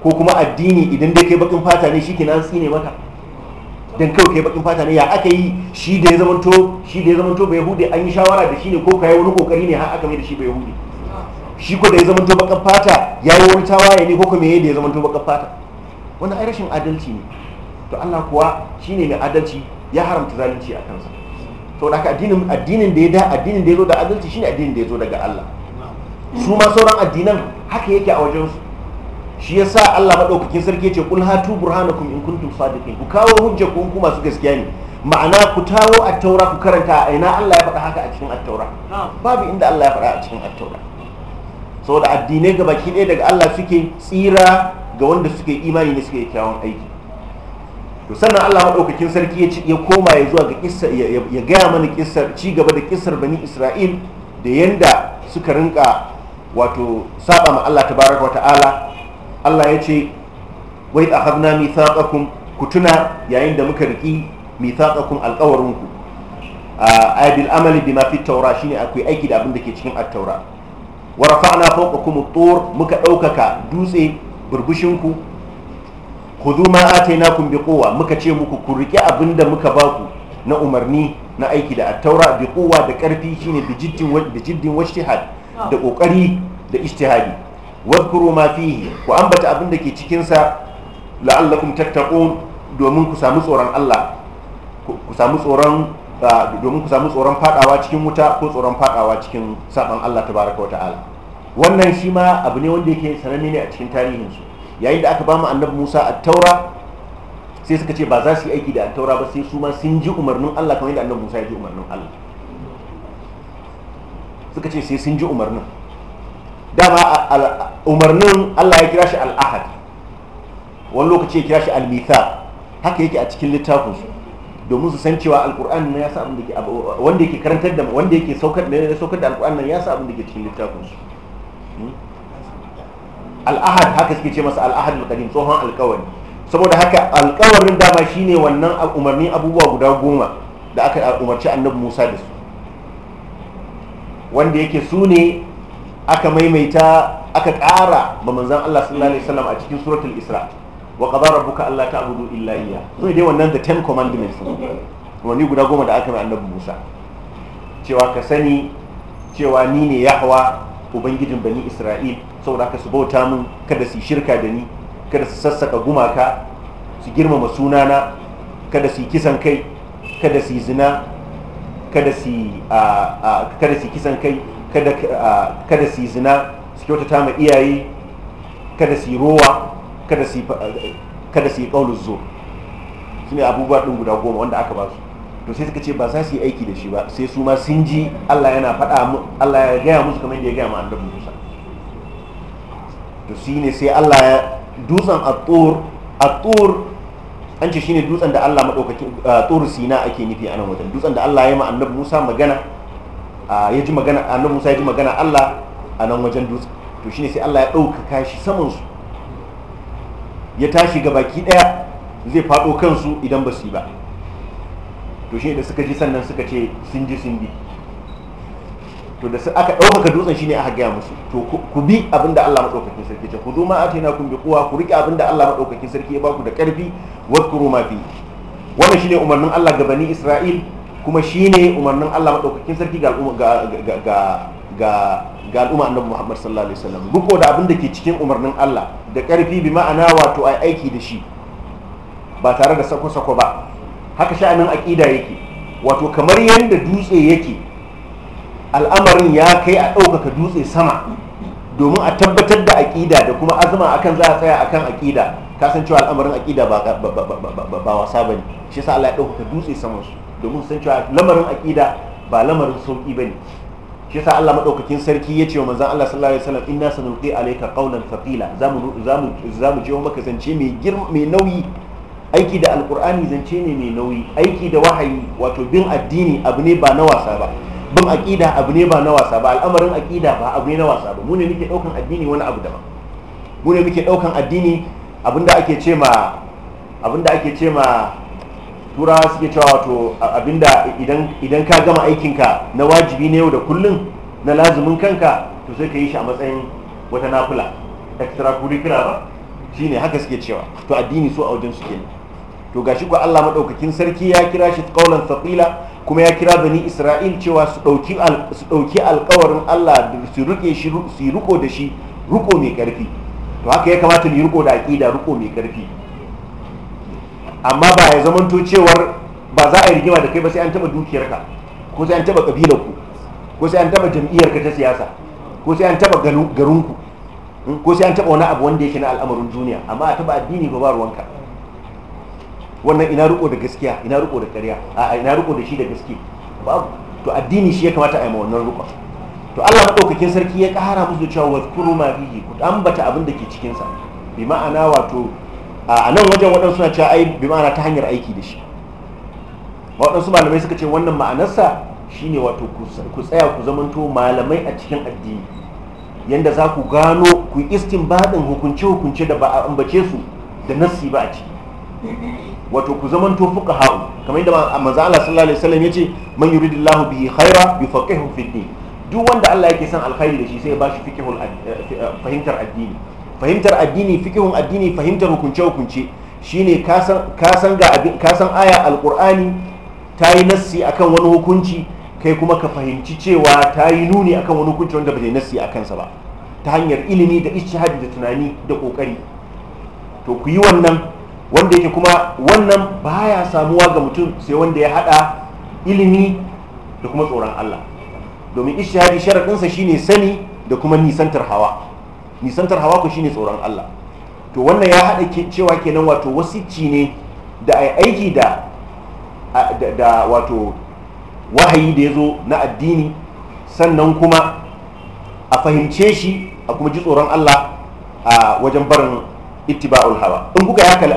ko kuma addini idan dai kai bakin fata ne shikenan tsine maka dan kawai kai bakin fata ne ya aka yi shi da ya zamanto shi da ya zamanto bai hude an yi shawara da shi ne ko kai wani kokari ne har aka mai da shi bai hude shi ko da ya zamanto bakin fata ya yi wani tawaye ne ko kuma yayi da ya zamanto bakin fata wannan ai rashin adalci ne to Allah kuwa shine mai adalci ya haramta zalunci a kansa to da addinin addinin da ya da addinin da ya zo da adalci shine addinin da ya zo daga Allah su ma sauran addinan haka yake a wajen su shi ya sa Allah maɗaukakin sarki ce kul hatu burhanakum in kuntum sadiqin ku kawo hujjar ku ku su gaskiya ne ma'ana ku tawo a taura ku karanta a ina Allah ya faɗa haka a cikin attaura. babu inda Allah ya faɗa a cikin attaura. saboda addinai ga baki ɗaya daga Allah suke tsira ga wanda suke imani ne suke kyawun aiki to sannan Allah maɗaukakin sarki ya koma ya zuwa ga kissa ya gaya mana kissar ci gaba da kissar bani Isra'il da yanda suka rinka wato saba ma Allah tabaraka wa ta'ala Allah ya ce wai a habna mithaqakum ku tuna yayin da muka riki mithaqakum ku. a bil amali bima fi taura shine akwai aiki da abin da ke cikin at-taura wa rafa'na fawqakum ɗaukaka tur muka daukaka dutse burbushinku khudhu ma atainakum bi quwwa muka ce muku ku riki abin da muka baku na umarni na aiki da attaura, bi quwwa da karfi shine bi jiddin wa bi jiddin washtihad da kokari da ijtihadi wadhkuru ma fihi ku ambata abin da ke cikin sa la'allakum tattaqun domin ku samu tsoron Allah ku samu tsoron domin ku samu tsoron fadawa cikin wuta ko tsoron fadawa cikin saban Allah tabaraka wa ta'ala wannan shi ma abu ne wanda yake sananne ne a cikin tarihin su yayin da aka ba mu annabi Musa at-taura sai suka ce ba za su yi aiki da at-taura ba sai su ma sun ji umarnin Allah kamar yadda annabi Musa ya ji umarnin Allah suka ce sai sun ji umarnin dama umarnin Allah ya kira shi al'ahad wani lokaci ya kira shi al-mithaq haka yake a cikin littafin su domin su san cewa alkur'an na ya sa abin da ke wanda yake karantar da wanda yake saukar da saukar da alkur'ani nan ya sa abin da ke cikin littafin su hmm? al'ahad haka suke ce masa al'ahad al-qadim tsohon alkawari saboda haka alkawarin dama shine wannan umarnin abubuwa guda goma da aka umarci annabi Musa da su wanda yake su ne aka maimaita aka ƙara ba manzan Allah sallallahu alaihi wasallam a cikin suratul Isra wa qadara rabbuka alla ta'budu illa iyyah to dai wannan da 10 commandments wani guda goma da aka mai annabi Musa cewa ka sani cewa ni ne Yahwa ubangijin bani Isra'il saboda ka su bauta mun kada su shirka da ni kada su sassaka gumaka su girmama sunana kada su kisan kai kada su zina kada su kada su kisan kai kada su yi zina su kyautata ma iyaye kada su yi rowa kada su yi ƙaunar zo su ne abubuwa ɗin guda goma wanda aka ba su to sai suka ce ba za su yi aiki da shi ba sai su ma sun ji allah yana faɗa allah ya gaya musu kamar yadda ya gaya ma annabi musa to shi ne sai allah ya dutsen atur atur an ce shi ne dutsen da allah maɗaukakin tsoro sina ake nufi a nan wajen dutsen da allah ya ma annabi musa magana ya ji magana annabi Musa ya ji magana Allah a nan wajen dutse to shine sai Allah ya dauka kashi saman su ya tashi ga baki daya zai faɗo kansu idan ba su yi ba to shi da suka ji sannan suka ce sun ji sun bi to da aka ɗaukaka dutsen shine aka gaya musu to ku bi abinda Allah madaukakin sarki ce ku zo ma atina kun bi kuwa ku riƙe abinda Allah madaukakin sarki ya baku da ƙarfi kuru ma fi wannan shine umarnin Allah ga bani Isra'il kuma shi ne umarnin Allah maɗaukakin sarki ga al'umma annabi Muhammad sallallahu alaihi wasallam riko da abin da ke cikin umarnin Allah da ƙarfi bi ma'ana wato ai aiki da shi ba tare da sako-sako ba haka sha'anin aƙida yake wato kamar yadda dutse yake al'amarin ya kai a ɗaukaka dutse sama domin a tabbatar da aƙida da kuma azuma akan za a tsaya akan aƙida kasancewa al'amarin aƙida ba wasa ba ne shi sa Allah ya ɗaukaka dutse samansu. su domin sun cewa lamarin aƙida ba lamarin sauƙi ba ne shi yasa Allah madaukakin sarki ya ce wa manzon Allah sallallahu alaihi wasallam inna sanulqi alayka qawlan thaqila zamu zamu zamu je maka zance mai girma mai nauyi aiki da alqur'ani zance ne mai nauyi aiki da wahayi wato bin addini abu ne ba na wasa ba bin aqida abu ne ba na wasa ba al'amarin aqida ba abu ne na wasa ba mu ne muke daukan addini wani abu daban mu ne muke daukan addini abinda ake ce ma abinda ake ce ma turawa suke cewa wato abinda idan ka gama aikinka na wajibi na yau da kullum na lazumin kanka to sai ka yi shi a matsayin wata nafula extracurricular ba shi ne haka suke cewa to addini so a wajen suke ne to gashi ko Allah madaukakin sarki ya kira shi qaulan thaqila kuma ya kira bani Isra'il cewa su dauki su Allah su rike shi su riko da shi riko mai ƙarfi to haka ya kamata mu riko da aqida riko mai ƙarfi. amma ba ya zamanto cewar ba za a yi rigima da kai ba sai an taba dukiyarka ko sai an taba kabilar ku ko sai an taba jam'iyyar ka ta siyasa ko sai an taba garin ku hmm, ko sai an taba wani abu wanda yake na al'amarin duniya amma a taba addini ba ba ruwanka wannan ina riko da gaskiya ina riko da ƙarya a ina riko da shi da gaske babu to addini shi ya kamata a yi ma wannan riko to Allah madaukakin sarki ya kara musu cewa wa kuru ma fihi ku ambata abin da ke cikin sa bi ma'ana wato a nan wajen waɗansu na cewa ai bi ma'ana ta hanyar aiki da shi waɗansu malamai suka ce wannan ma'anarsa shine wato ku tsaya ku zamanto malamai a cikin addini yanda za ku gano ku baɗin hukunce-hukunce da ba a ambace su da nassi ba a ciki wato ku zamanto fuka ha'u kamar yadda manzo Allah sallallahu alaihi wasallam yace man yuridillahu bihi khaira yufaqihu fid din duk wanda Allah yake son alkhairi da shi sai ya bashi fiqhul eh, eh, fahimtar addini fahimtar addini fikihun addini fahimtar hukunce hukunce shine ne kasan aya alqur'ani ta yi nassi akan wani hukunci kai kuma ka fahimci cewa ta yi nuni akan wani hukunci wanda ba zai nassi a kansa ba ta hanyar ilimi da ijtihadi da tunani da kokari to ku yi wannan wanda yake kuma wannan baya samuwa ga mutum sai wanda ya hada ilimi da kuma tsoron Allah domin ijtihadi sharadinsa shine sani da kuma nisantar hawa nisantar hawa ku shine tsoron Allah to wannan ya haɗa cewa kenan wato wasicci ne da ai aiki da da wato wahayi da ya zo na addini sannan kuma a fahimce shi a kuma ji tsoron Allah a wajen barin ittiba'ul hawa in kuka yaka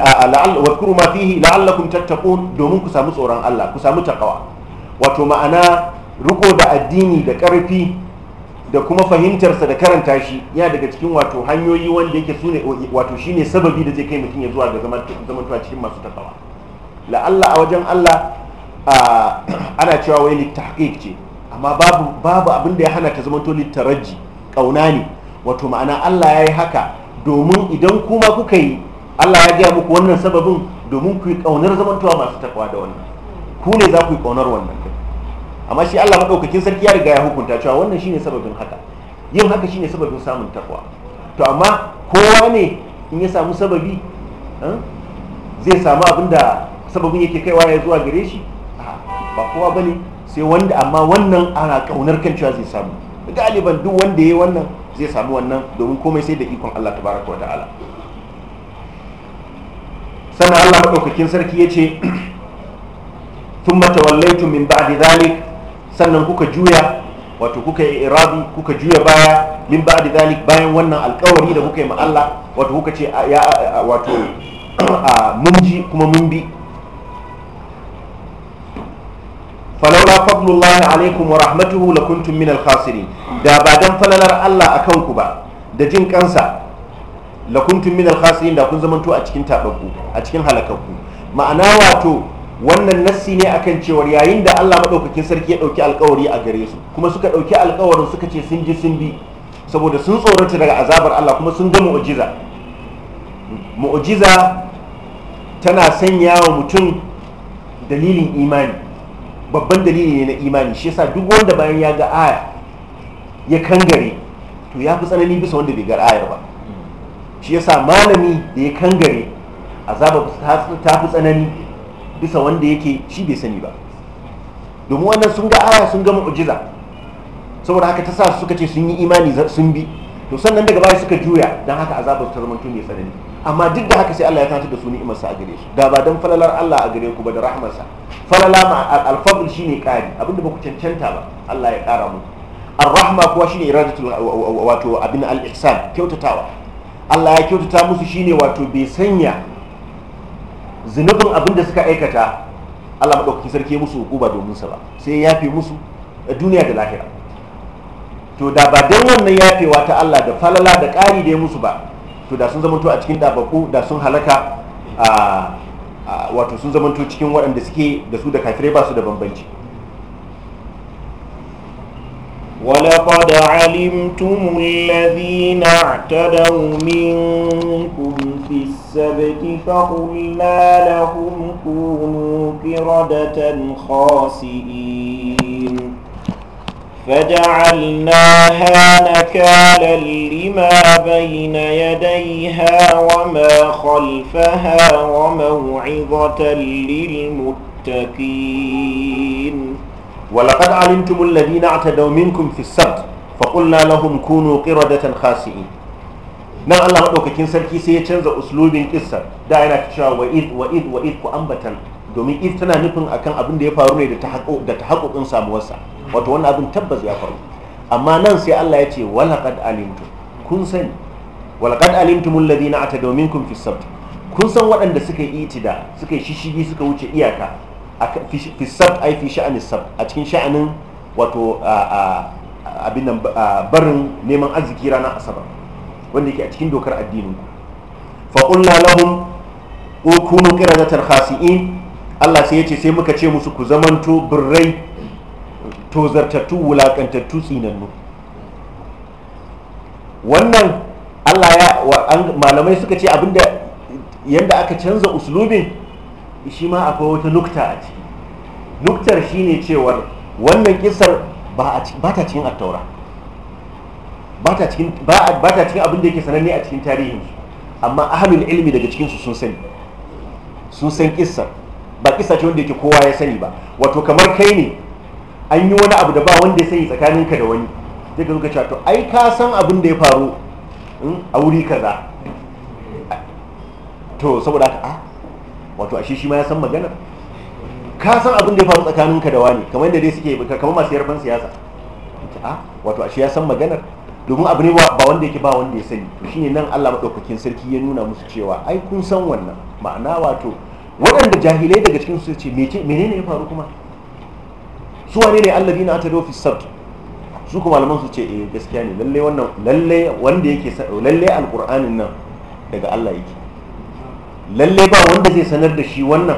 wadkuru ma fihi la'allakum tattaqun domin ku samu tsoron Allah ku samu taqwa wato ma'ana riko da addini da ƙarfi da kuma fahimtarsa da karanta shi ya daga cikin wato hanyoyi wanda yake su ne wato shi ne sababi da zai kai mutum ya zuwa ga tuwa cikin masu takawa la'alla a wajen allah (clears throat) ana cewa wai littahqiq ce amma babu abin da ya hana ta zamanto littaraji kauna ne wato ma'ana allah ya yi haka domin idan kuma kuka yi allah ya gaya muku wannan sababin domin ku yi kaunar zamantowa masu takawa da wannan ku ne za ku yi kaunar wannan amma shi Allah madaukakin sarki ya riga ya hukunta cewa wannan shine sababin haka yin haka shine sababin samun takwa to amma kowa ne in ya samu sababi eh, zai samu abin da sababin yake kaiwa ya zuwa gare shi ba kowa bane sai wanda amma wannan ana kaunar kan cewa zai samu galiban duk wanda ya yi wannan zai samu wannan domin komai sai da ikon Allah tabaraka wa ta'ala sannan Allah maɗaukakin sarki ya ce ثم توليت من بعد ذلك sannan kuka juya wato kuka yi irabi kuka juya baya min ba da zalik bayan wannan alkawari da kuka yi Allah wato kuka ce ya wato (clears throat) mun ji kuma mun bi falaula fadlullahi alaikum wa rahmatuhu lakuntum min alkhasirin da ba dan falalar Allah akan ku ba da jin kansa lakuntum min alkhasirin da kun zamanto a cikin tababbu a cikin halakakku ma'ana wato wannan nassi ne akan cewar yayin da Allah maɗaukakin sarki ya ɗauki alkawari a gare su kuma suka ɗauki alkawarin suka ce sun ji sun bi saboda sun tsorata daga azabar Allah kuma sun ga mu'ujiza mu'ujiza tana sanya wa mutum dalilin imani babban dalili ne na imani shi yasa duk wanda bayan ya ga aya ya kangare to ya fi tsanani bisa wanda bai ga ayar ba shi yasa malami da ya kangare azabar ta fi tsanani bisa wanda yake shi bai sani ba domin wannan sun ga aya sun ga mu'jiza saboda haka ta sa suka ce sun yi imani sun bi to sannan daga baya suka juya don haka azabar ta zamanto mai tsanani amma duk da haka sai Allah ya tafi da su ni'imarsa a gare su da ba don falalar Allah a gare ku ba da rahmarsa falala ma alfadl shine kari abinda ba ku cancanta ba Allah ya kara muku arrahma kuwa shine iradatul wato abin al-ihsan kyautatawa Allah ya kyautata musu shine wato bai sanya zunubin abin da suka aikata Allah maɗaukakin sarki ya musu ba domin sa ba sai ya yafe musu a duniya da lahira to da ba don wannan yafewa ta Allah da falala da ƙari da ya musu ba to da sun zamanto a cikin ɗabaku da sun halaka a wato sun zamanto cikin waɗanda suke da su da kafirai ba su da bambanci ولقد علمتم الذين اعتدوا منكم في السبت فقلنا لهم كونوا كردة خاسئين فجعلناها نكالا لما بين يديها وما خلفها وموعظة للمتقين ولقد علمتم الذين اعتدوا منكم في السبت فقلنا لهم كونوا قردة خاسئين nan Allah maɗaukakin sarki sai ya canza uslubin ƙisa da yana cewa wa'id wa'id wa'id ku ambatan domin id tana nufin akan abin da ya faru ne da ta haƙoƙin samuwarsa wato wani abin tabbas ya faru amma nan sai Allah ya ce walaƙad alimtu kun sani walaƙad alimtu na ata domin kun fi sabta kun san waɗanda suka yi itida suka yi shishigi suka wuce iyaka fi sabt ai fi sha'anin sabt a cikin sha'anin wato abin nan barin neman arziki ranar asabar wanda yake a cikin dokar addinin ku fa qulna lahum kunu qiradatan khasi'in Allah sai yace sai muka ce musu ku zamanto birrai tozartattu wulakantattu tsinannu wannan Allah ya malamai suka ce abinda yanda aka canza uslubin shi ma akwai wata nukta a ciki nuktar shine cewar wannan kisar ba ta cikin attaura ba ta cikin abin da yake sananne a cikin tarihinsu amma ahalul ilmi daga cikinsu sun sani sun san kissa ba kissa ce wanda yake kowa ya sani ba wato kamar kai ne an yi wani abu da ba wanda ya sani tsakaninka da wani zai ga zuka cewa to ai ka san abin da ya faru hmm, a wuri kaza to saboda haka a ah, wato ashe shi ma ya san maganar ka san abin da ya faru tsakaninka da wani kamar yadda dai suke kamar masu yarban siyasa a ah, wato ashe ya san maganar domin abu ne ba wanda yake ba wanda ya sani to shine nan Allah madaukakin sarki ya nuna musu cewa ai kun san wannan ma'ana wato waɗanda jahilai daga cikin su ce menene ya faru kuma su wane ne allah na ta fi sabt su kuma malaman su ce eh gaskiya ne lalle wannan lalle wanda yake lalle alkur'anin nan daga Allah yake lalle ba wanda zai sanar da shi wannan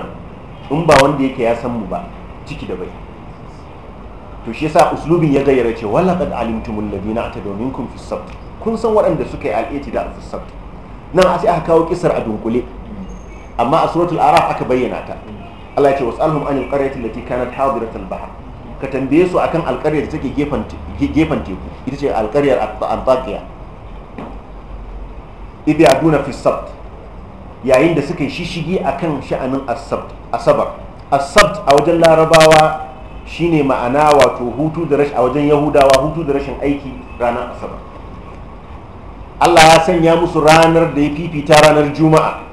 in ba wanda yake ya san mu ba ciki da bai to shi yasa uslubin ya gayyara ce wala qad alladina ladina minkum fi sabt kun san waɗanda suka yi al'iti da fi sabt nan sai aka kawo kisar a dunkule amma a suratul araf aka bayyana ta Allah ya ce was'alhum anil qaryati allati kanat hadiratal bahr ka tambaye su akan alƙaryar da take gefen gefen teku ita ce alƙaryar al-baqiya idh fi sabt yayin da suka yi shishigi akan sha'anin as asabar asabt a wajen larabawa shine ma'ana wato hutu da rashin a wajen yahudawa hutu da rashin aiki ranar asabar allah ya sanya musu ranar da ya fifita ranar juma'a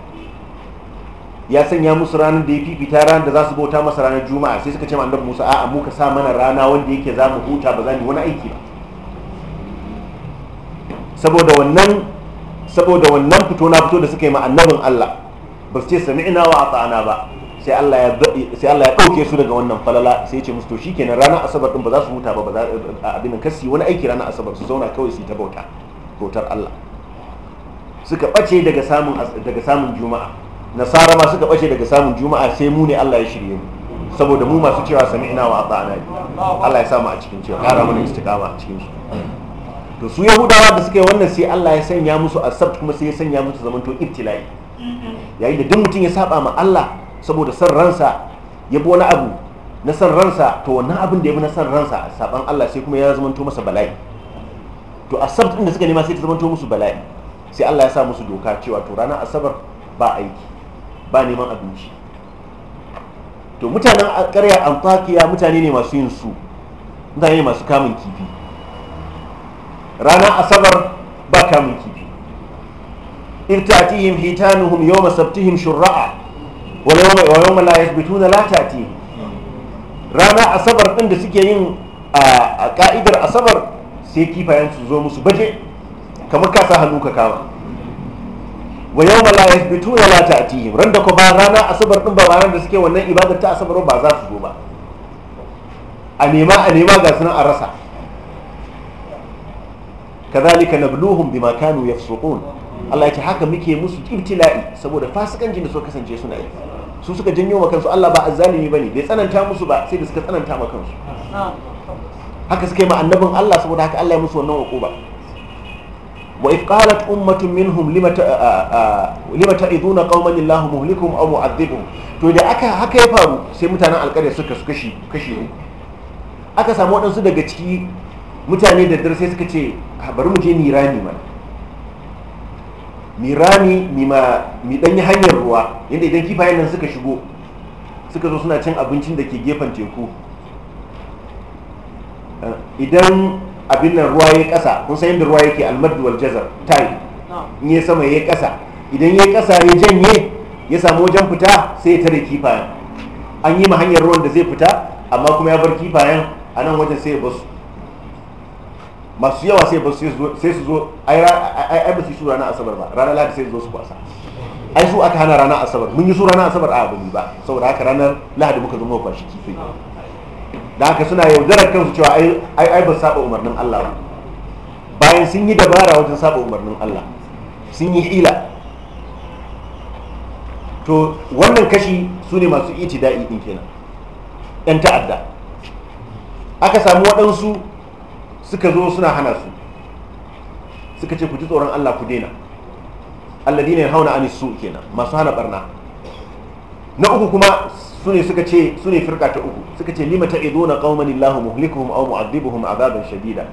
ya sanya musu ranar da ya fifita ranar da za su bauta masa ranar juma'a sai suka ce ma annabi musa a'a mu ka sa mana rana wanda yake za mu huta ba za mu wani aiki ba saboda wannan saboda wannan fito na fito da suka yi ma annabin allah ba su ce sami'na wa ata'ana ba sai allah ya sai Allah ya ɗauke su daga wannan falala sai ya ce musu to shikenan ranar asabar din ba za su huta ba ba za abin nan kasi wani aiki ranar asabar su zauna kawai su yi ta bauta bautar Allah suka bace daga samun daga samun juma'a nasara ma suka bace daga samun juma'a sai mu ne Allah ya shirye mu saboda mu masu cewa sami'na wa ata'na Allah ya sa mu a cikin cewa kara mana istiqama a cikin su to su yahudawa da suka yi wannan sai Allah ya sanya musu asabt kuma sai ya sanya musu zamanto ibtila'i yayin da duk mutum ya saba ma Allah saboda son ransa ya bi wani abu na san ransa to wannan abin da ya bi na san ransa saban Allah sai kuma ya to masa bala'i to asabt din da suka nema sai ta to musu bala'i sai Allah ya sa musu doka cewa to ranar asabar ba aiki ba neman abinci to mutanen ƙarya antakiya mutane ne masu yin su mutane ne masu kamun kifi ranar asabar ba kamun kifi irtatihim hitanuhum yawma sabtihim shurra'a wayo la yathbituna la tati rana asabar din da suke yin a ka'idar asabar sai kifayen su zo musu baje kamar ka hannu ka kama wayo yawma la yathbituna la tati ran da ko ba rana asabar din ba ran da suke wannan ibadar ta asabar ba za su zo ba a nema a nema ga sunan a rasa kazalika nabluhum bima kanu yafsuqun Allah ya ce haka muke musu ibtila'i saboda fasikancin da suka kasance suna yi su suka janyo wa kansu Allah ba azzalimi bane bai tsananta musu ba sai da suka tsananta ma kansu haka suka yi ma annabin Allah saboda haka Allah ya musu wannan uquba wa if qalat ummatun minhum limata limata iduna qauman illahu muhlikum aw mu'adhibuhum to da aka haka ya faru sai mutanen alƙarya suka su kashi kashi ne aka samu waɗansu daga ciki mutane da dare sai suka ce bari mu je nirani mana mi rami mi danyi hanyar ruwa yadda idan kifayen nan suka shigo suka zo suna cin abincin da ke gefen teku eh, idan abin nan ruwa ya kasa kun san yadda ruwa yake almadu wal jazar tai in ya sama ya kasa idan ya kasa ya janye ya samu wajen fita sai ya tare kifayen an yi ma hanyar ruwan da zai fita amma kuma ya bar kifayen a nan wajen sai ya basu masu yawa sai ba sai su zo ai ai ba su su ranar asabar ba ranar lahadi sai su zo su kwasa ai su aka hana ranar asabar mun yi su ranar asabar a abin ba saboda haka ranar lahadi muka zo muka kwashi kifi da haka suna yaudarar kansu cewa ai ai ba saba umarnin Allah ba bayan sun yi dabara wajen saba umarnin Allah sun yi hila to wannan kashi su ne masu iti da'i din kenan yan ta'adda aka samu waɗansu suka zo suna hana su suka ce ku ji tsoron Allah ku daina ne hauna anis su kenan masu hana barna na uku kuma su ne suka ce su ne firka ta uku suka ce lima idona qauman illahu muhlikuhum aw mu'adhibuhum azaban shadida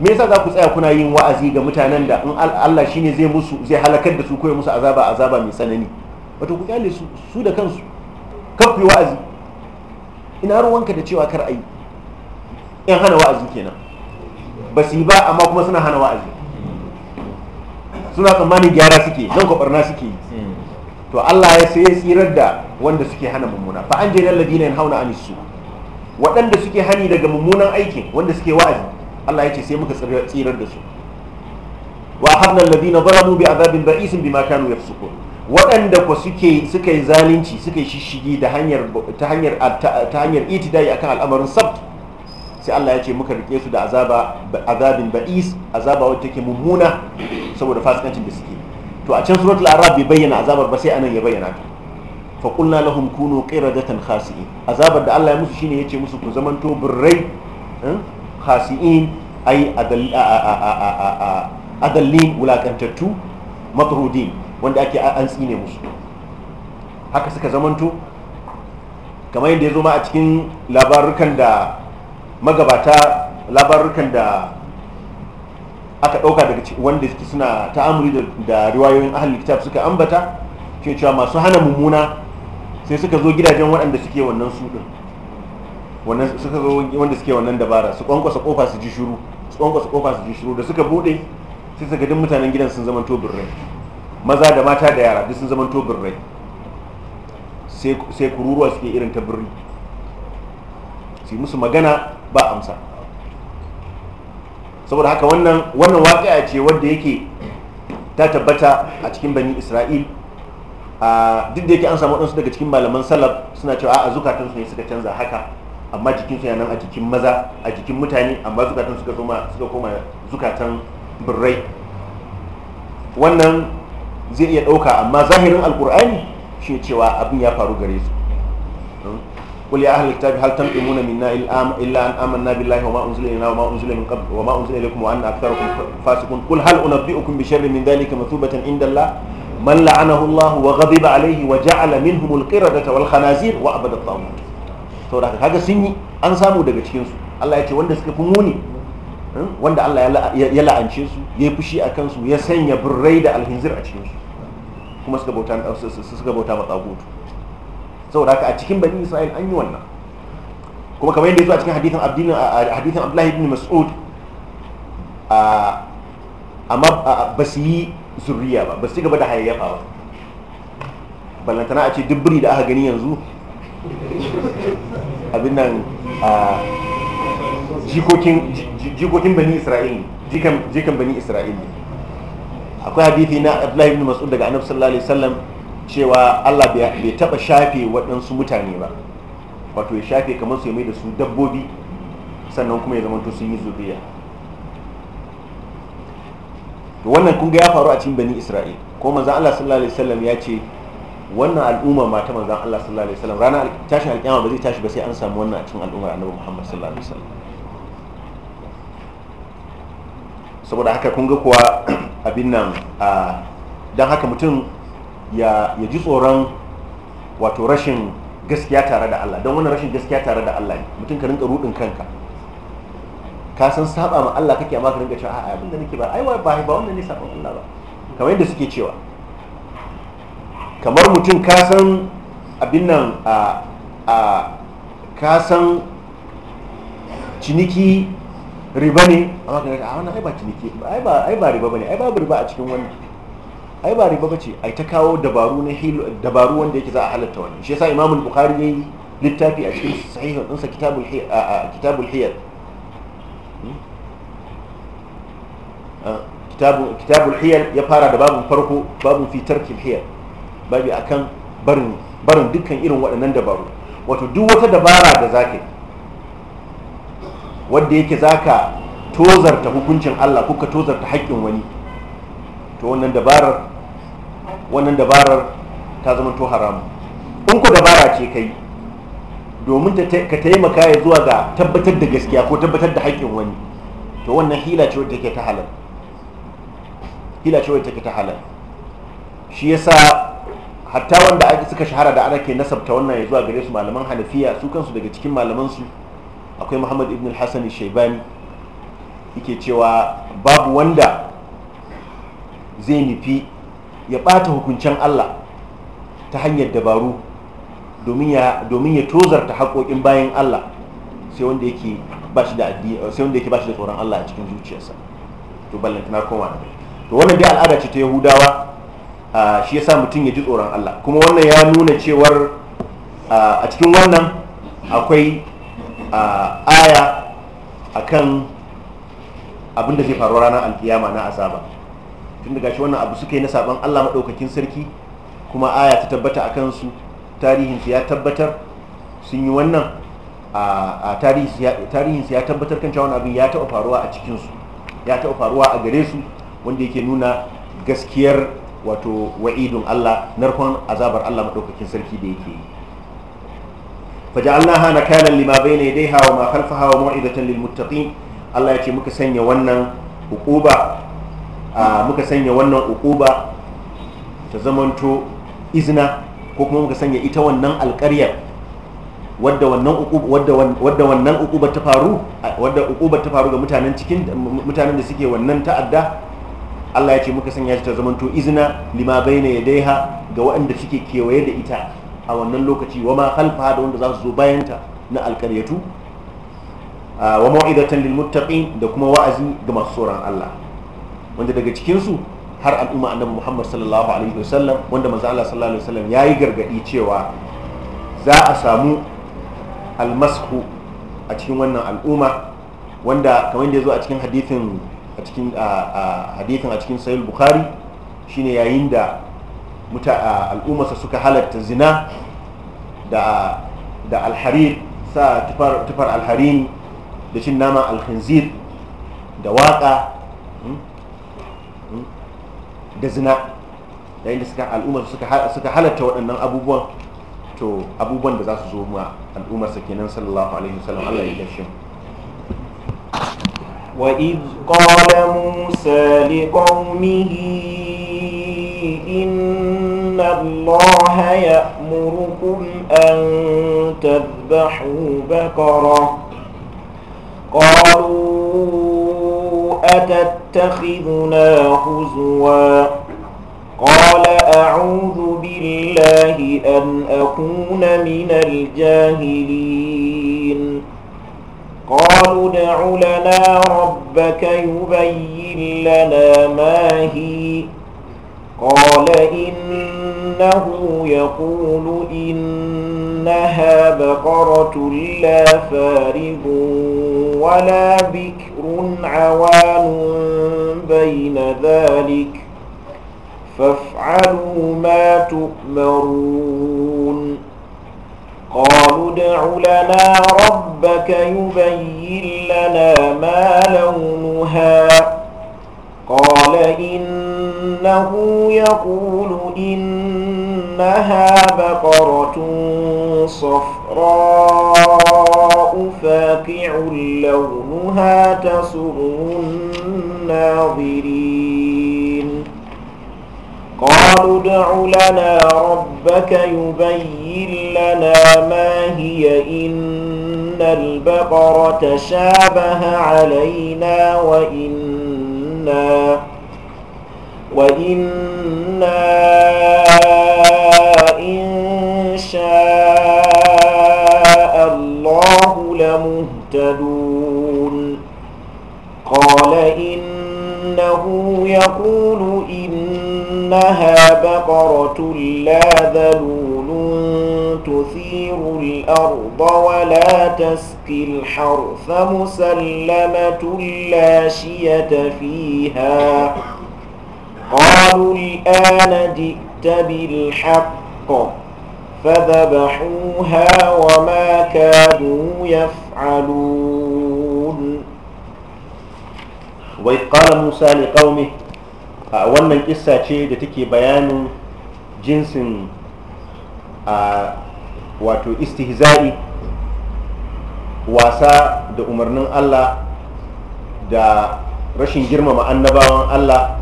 me yasa za ku tsaya kuna yin wa'azi ga mutanen da in Allah shine zai musu zai halakar da su ko musu azaba azaba mai tsanani wato ku kyale su su da kansu kafi wa'azi ina ruwanka da cewa kar ayi in hana wa'azi kenan ba su yi ba amma kuma suna hana wa'azi suna tsammanin gyara suke Zan kwabarna suke yi to Allah ya sai ya tsirar da wanda suke hana mummuna fa an jainal ladina hauna an su waɗanda suke hani daga mummunan aikin wanda suke wa'azi Allah ya ce sai muka tsirar da su wa habna alladina zalamu bi azabin ba'isin bima kanu yafsukun waɗanda ko suke suka yi zalunci suka yi shishigi da hanyar ta hanyar ta hanyar itidai akan al'amarin sabt sai Allah ya ce muka rike su da azaba azabin ba'is azaba wacce take mummuna saboda fasikancin da suke to a can suratul arab bai bayyana azabar ba sai anan ya bayyana ta fa qulna lahum kunu qiradatan khasi'in azabar da Allah ya musu shine yace musu ku zamanto burrai eh, khasi'in ai adallin wulakantattu matrudin wanda ake an tsine musu haka suka zamanto kamar yadda ya zo ma a cikin labarukan da magabata labarukan da aka ɗauka daga wanda suna ta'amuri da riwayoyin ahalin kitab suka ambata ke cewa masu hana mummuna sai suka zo gidajen waɗanda suke wannan su ɗin suka zo wanda suke wannan dabara su ƙwanƙwasa ƙofa su ji shuru su ƙwanƙwasa ƙofa su ji shuru da suka buɗe sai suka duk mutanen gidan sun zama tobin rai maza da mata da yara duk sun zama tobin rai sai kururuwa suke irin ta birni su musu magana ba amsa saboda haka wannan wannan waƙi'a ce wadda yake ta tabbata a cikin bani isra'il a duk da yake an samu waɗansu daga cikin malaman salaf suna cewa a zukatansu ne suka canza haka amma jikinsu yana a jikin maza a jikin mutane amma zukatan suka koma suka koma zukatan birrai wannan zai iya ɗauka amma zahirin alkur'ani shi cewa abin ya faru gare su قل يا أهل الكتاب هل تنقمون منا إلا أن آمنا بالله وما أنزل إلينا وما أنزل من قبل وما أنزل إليكم وأن أكثركم فاسقون قل هل أنبئكم بشر من ذلك مثوبة عند الله من لعنه الله وغضب عليه وجعل منهم القردة والخنازير وعبد الطاغوت saboda kaga sun yi an samu daga cikin su Allah ya ce wanda suka fi muni wanda Allah ya la'ance su ya yi fushi a kansu ya sanya birrai da alhinzir a cikin su kuma suka bauta ma tsagutu saboda haka a cikin bani isra'il an yi wannan kuma kamar yadda ya zo a cikin hadithin abdullahi ibn mas'ud amma ba su yi zurriya ba ba su gaba da hayayyafa ba ballantana a ce dubbiri da aka gani yanzu abin nan jikokin bani isra'il jikan bani isra'il akwai hadithi na abdullahi ibn mas'ud daga annabi sallallahu alaihi wasallam cewa Allah bai taba shafe waɗansu mutane ba wato ya shafe kamar su ya mai da su dabbobi sannan kuma ya to sun yi zuriya to wannan kun ga ya faru a cikin bani isra'il ko manzon Allah sallallahu alaihi wasallam ya ce wannan al'umma ma ta manzon Allah sallallahu alaihi wasallam ranar tashin alƙiyama ba zai tashi ba sai an samu wannan a cikin al'ummar Annabi Muhammad sallallahu alaihi wasallam saboda haka kun ga kuwa (clears throat) abin nan a dan haka mutum ya ji tsoron wato rashin gaskiya tare da Allah don wannan rashin gaskiya tare da Allah ne mutum ka rinka rudin kanka ka san saba ma Allah kake amma ka rinka cewa a'a abinda nake ba ai wai ba ba wannan ne saban Allah ba kamar yadda suke cewa kamar mutum ka san abin nan a a ka san ciniki riba ne amma ka rinka a wannan ai ba ciniki ai ba ai ba riba bane ai babu riba a cikin wannan ai ba riba bace ai ta kawo dabaru na dabaru wanda yake za a halatta wannan shi yasa Imam Bukhari ne littafi a cikin sahihin ɗinsa kitabul kitabul hiyar hmm? kitabul hiyar ya fara da babun farko babun fitar hiyar babi akan barin barin dukkan irin waɗannan dabaru wato duk wata dabara da zaka wanda yake zaka tozarta hukuncin Allah ko ka tozarta haƙƙin wani to wannan dabarar wannan dabarar ta zama to haramu in ku dabara ce kai domin ka taimaka ya zuwa ga tabbatar da gaskiya ko tabbatar da haƙƙin wani to wannan hila ce wadda take ta halal hila ce wadda take ta halal shi yasa hatta wanda ake suka shahara da ana ke nasabta wannan ya zuwa gare su malaman hanafiya su kansu daga cikin malamansu akwai muhammad ibn al-hassan shaibani yake cewa babu wanda zai nufi ya ɓata hukuncin Allah ta hanyar dabaru domin ya tozarta haƙoƙin bayan Allah sai wanda yake ba shi da tsoron Allah a cikin zuciyarsa to na koma to wannan dai al'ada ce ta yahudawa shi ya sa mutum ya ji tsoron Allah kuma wannan ya nuna cewar a cikin wannan akwai aya akan abin da zai faru ranar alkiyama na azaba tun da shi wannan abu suka yi na saban Allah maɗaukakin sarki kuma aya ta tabbata a kansu tarihinsu ya tabbatar sun yi wannan a tarihinsu ya tabbatar kan cewa abin ya taɓa faruwa a cikinsu ya taɓa faruwa a gare su wanda yake nuna gaskiyar wato wa'idun Allah narkon azabar Allah maɗaukakin sarki da yake yi faja'alnaha nakalan lima bayna yadayha hawa ma khalfaha wa mau'izatan lil muttaqin Allah ya ce muka sanya wannan hukuba muka sanya wannan ukuba ta zamanto izina ko kuma muka sanya ita wannan alkaryar wadda wannan ukubar ta faru wadda ukubar ta faru ga mutanen cikin mutanen da suke wannan ta'adda Allah ya ce muka sanya shi ta zamanto izina lima baina yadaiha ga waɗanda suke kewaye da ita a wannan lokaci wa ma halfa da wanda za su zo bayanta na alkaryatu wa mau'izatan lil muttaqin da kuma wa'azi ga masu tsoron Allah wanda daga cikinsu har al'umma annabi muhammad sallallahu alaihi wasallam wanda manzo Allah sallallahu alaihi wasallam yayi gargadi cewa za a samu almasku a cikin wannan al'umma wanda kamar da yazo a cikin hadithin a cikin hadithin a cikin sahih bukhari shine yayin da muta su suka halatta zina da da alharir sa tufar tufar alharini da cin nama alkhinzir da waka da zina yayin da suka al'ummar suka halatta waɗannan abubuwan to abubuwan da za su zo ma al'ummar sa kenan sallallahu alaihi wasallam Allah ya kashe wa id qala musa li qaumihi inna allaha ya'murukum an tadhbahu baqara qalu atat يتخذنا هزوا قال أعوذ بالله أن أكون من الجاهلين قالوا ادع لنا ربك يبين لنا ما هي قال إنه يقول إنها بقرة لا فارغ ولا بكر عوان بين ذلك فافعلوا ما تؤمرون قالوا ادع لنا ربك يبين لنا ما لونها قال إن إنه يقول إنها بقرة صفراء فاقع لونها تسر الناظرين قالوا ادع لنا ربك يبين لنا ما هي إن البقرة شابه علينا وإنا وإنا إن شاء الله لمهتدون قال إنه يقول إنها بقرة لا ذلول تثير الأرض ولا تسقي الحرث مسلمة لا شية فيها قالوا الآن جئت بالحق فذبحوها وما كادوا يفعلون وإذ قال موسى لقومه wannan kissa ce da take bayanin jinsin a wato istihza'i wasa da umarnin Allah da rashin girmama annabawan Allah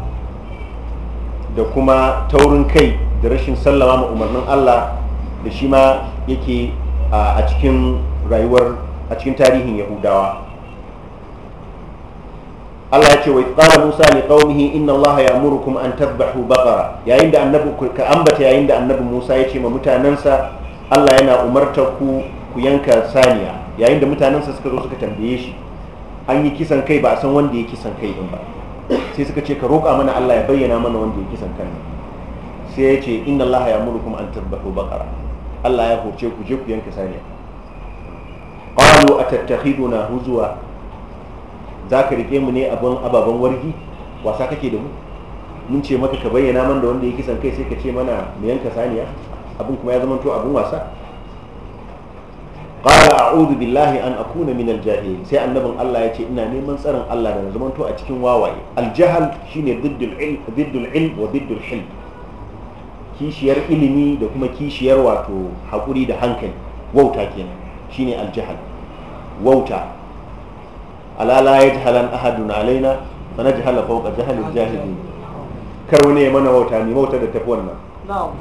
da kuma taurin kai da rashin sallama ma umarnin Allah da shi ma yake a cikin rayuwar a cikin tarihin yahudawa Allah ya ce wa qala Musa li qaumihi inna Allah ya'murukum an tadbahu baqara yayin da annabi ka ambata yayin da annabi Musa ya ce ma mutanansa Allah yana umartar ku ku yanka saniya yayin da mutanensa suka zo suka tambaye shi an yi kisan kai ba a san wanda ya kisan kai din ba sai suka ce ka roƙa mana Allah ya bayyana mana wanda ya kisan kan sai ya ce inna Allah ya muru kuma an tabbatu baqara Allah ya hoce ku je ku yanka saniya qalu atattakhiduna huzwa zaka rike mu ne abin ababan wargi wasa kake da mu mun ce maka ka bayyana mana da wanda ya kisan kai sai ka ce mana mu yanka saniya abin kuma ya zama to abin wasa a'udhu billahi an akuna min al-jahil sai annabin Allah ya ce ina neman tsarin Allah da zamanto a cikin wawaye al-jahl shine diddul ilm diddul ilm wa diddul hilm kishiyar ilimi da kuma kishiyar wato hakuri da hankali wauta kenan shine al-jahl wauta ala la yajhalan ahadun alaina fa najhala fawqa jahli al-jahilin kar wani ya mana wauta ni wauta da tafi wannan na'am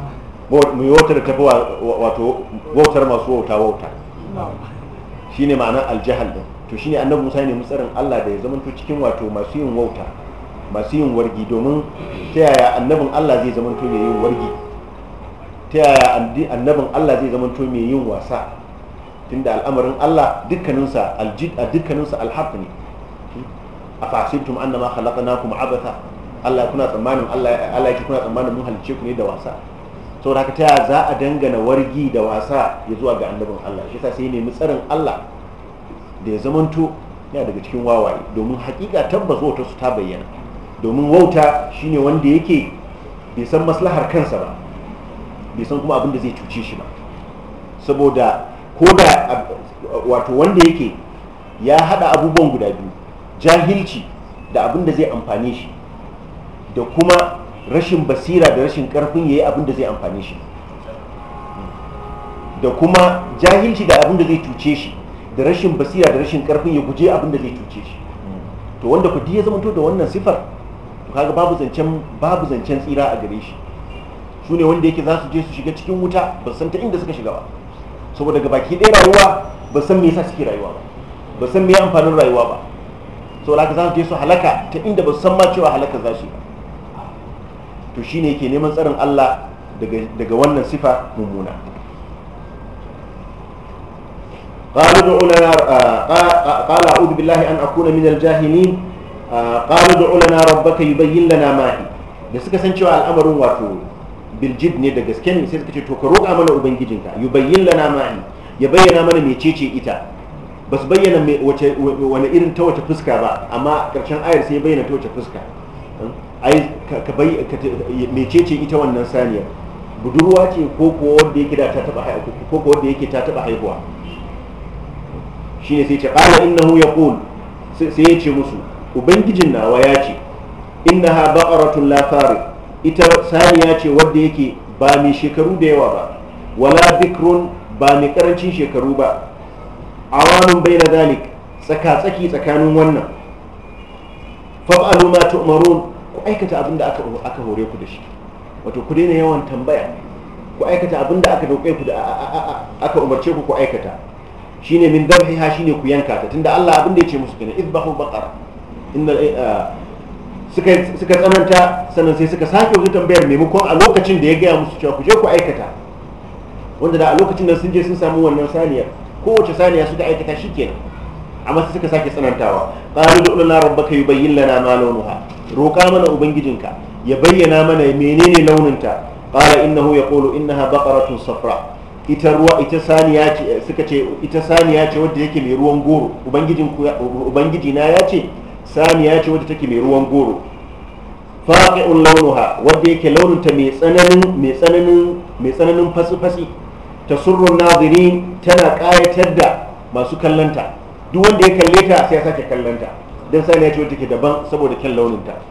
mu wauta da tafi wato wautar masu wauta wauta No. shine ma'anar aljahal din to shine annabi Musa ne mutsarin Allah da ya zamanto cikin wato masu yin wauta masu yin wargi domin ta yaya annabin Allah zai zamanto mai yin wargi ta yaya annabin Allah zai zamanto mai yin wasa tunda al'amarin Allah dukkaninsa aljid a dukkaninsa alhaq ne a fasibtum annama khalaqnakum abatha Allah kuna tsammanin Allah Allah yake kuna tsammanin mun halice ku ne da wasa saboda haka ta za a dangana wargi da wasa ya zuwa ga annabin Allah shi yasa sai nemi tsarin Allah da ya zamanto yana daga cikin wawaye domin hakika tabbas wauta su ta bayyana domin wauta shine wanda yake bai san maslahar kansa ba bai san kuma abin da zai cuce shi ba saboda ko da wato wanda yake ya hada abubuwan guda biyu jahilci da abin da zai amfane shi da kuma rashin basira da rashin karfin ya yi abinda zai amfane shi da kuma jahilci da abinda zai cuce shi da rashin basira da rashin karfin ya guje abinda zai cuce shi to wanda ku ya zama to da wannan sifar to kaga babu zancen babu zancen tsira a gare shi su ne wanda yake za su je su shiga cikin wuta ba san ta inda suka shiga ba saboda ga baki ɗaya rayuwa ba san me yasa suke rayuwa ba ba san me amfanin rayuwa ba saboda haka za su je su halaka ta inda ba san ma cewa halaka za su yi ba to shine ke neman tsarin Allah daga wannan sifa mummuna قال a لنا قال اعوذ بالله ان اكون من الجاهلين لنا ربك يبين لنا ما هي da suka san cewa al'amarin wato biljid ne da gaske ne sai suka ce to ka roƙa mana ubangijinka yubayyin lana ma ya bayyana mana mecece ita ba su bayyana wani irin ta wace fuska ba amma ƙarshen ayar sai ya bayyana ta wace fuska ai ka bai mecece ita wannan saniya budurwa ce ko ko wanda yake da ta taba haihuwa ko ko wanda yake ta taba haihuwa shine sai ce qala innahu yaqul sai ya ce musu ubangijin nawa ya ce innaha baqaratun la farid ita saniya ce wanda yake ba mai shekaru da yawa ba wala bikron ba mai karancin shekaru ba awanun bai na zalik tsaka-tsaki tsakanin wannan fa'alu ma tu'marun aikata abin da aka hore ku da shi wato ku daina yawan tambaya ku aikata abin da aka dauke ku da aka umarce ku ku aikata shine min ha shine ku yanka ta tunda Allah abin da ya ce musu kenan izbahu baqara inna eh, eh, suka suka tsananta sannan sai suka sake wuce tambayar maimakon a lokacin da ya gaya musu cewa ku je ku aikata wanda da a lokacin da sun je sun samu wannan saniyar kowace saniya suka aikata shikenan amma sai suka sake tsanantawa qalu du'lana rabbaka yubayyin lana ma launuha roƙa mana ubangijinka ya bayyana mana menene launinta qala innahu yaqulu innaha baqaratun safra ita ruwa ita saniya ce suka ce ita saniya ce wadda yake mai ruwan goro ubangijin ubangiji na ya ce saniya ce wadda take mai ruwan goro faqi'un launuha wadda yake launinta mai tsananin mai tsananin mai tsananin fasi-fasi tasurrun nazirin tana ƙayatar da masu kallanta duk wanda ya kalle ta sai ya sake kallanta don ya ce wata ke daban saboda kyan launinta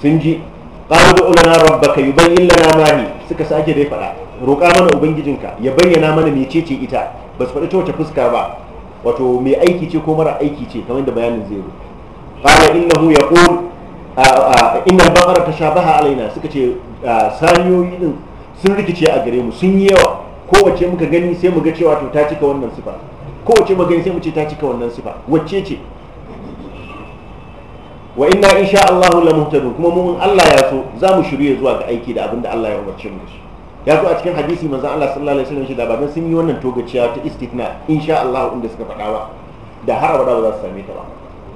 sun ji ƙawo da ulana rabbaka yi bayin lana mahi suka sake dai faɗa roƙa mana ubangijinka ya bayyana mana mecece ita ba su faɗi ta fuska ba wato mai aiki ce ko mara aiki ce kamar da bayanin zai zo inna hu ya ƙun inna bakar ta shabaha alaina suka ce saniyoyi din sun rikice a gare mu sun yi yawa kowace muka gani sai mu ga cewa to ta cika wannan sifa kowace magani sai mu ce ta cika wannan sifa wacce ce wa inna insha Allah la muhtadun kuma mun Allah ya so za mu shirye zuwa ga aiki da abinda Allah ya umarce mu shi ya zo a cikin hadisi manzon Allah sallallahu alaihi wasallam shi da baban sun yi wannan togaciya ta istithna insha Allah inda suka faɗa ba da har abada ba za su same ta ba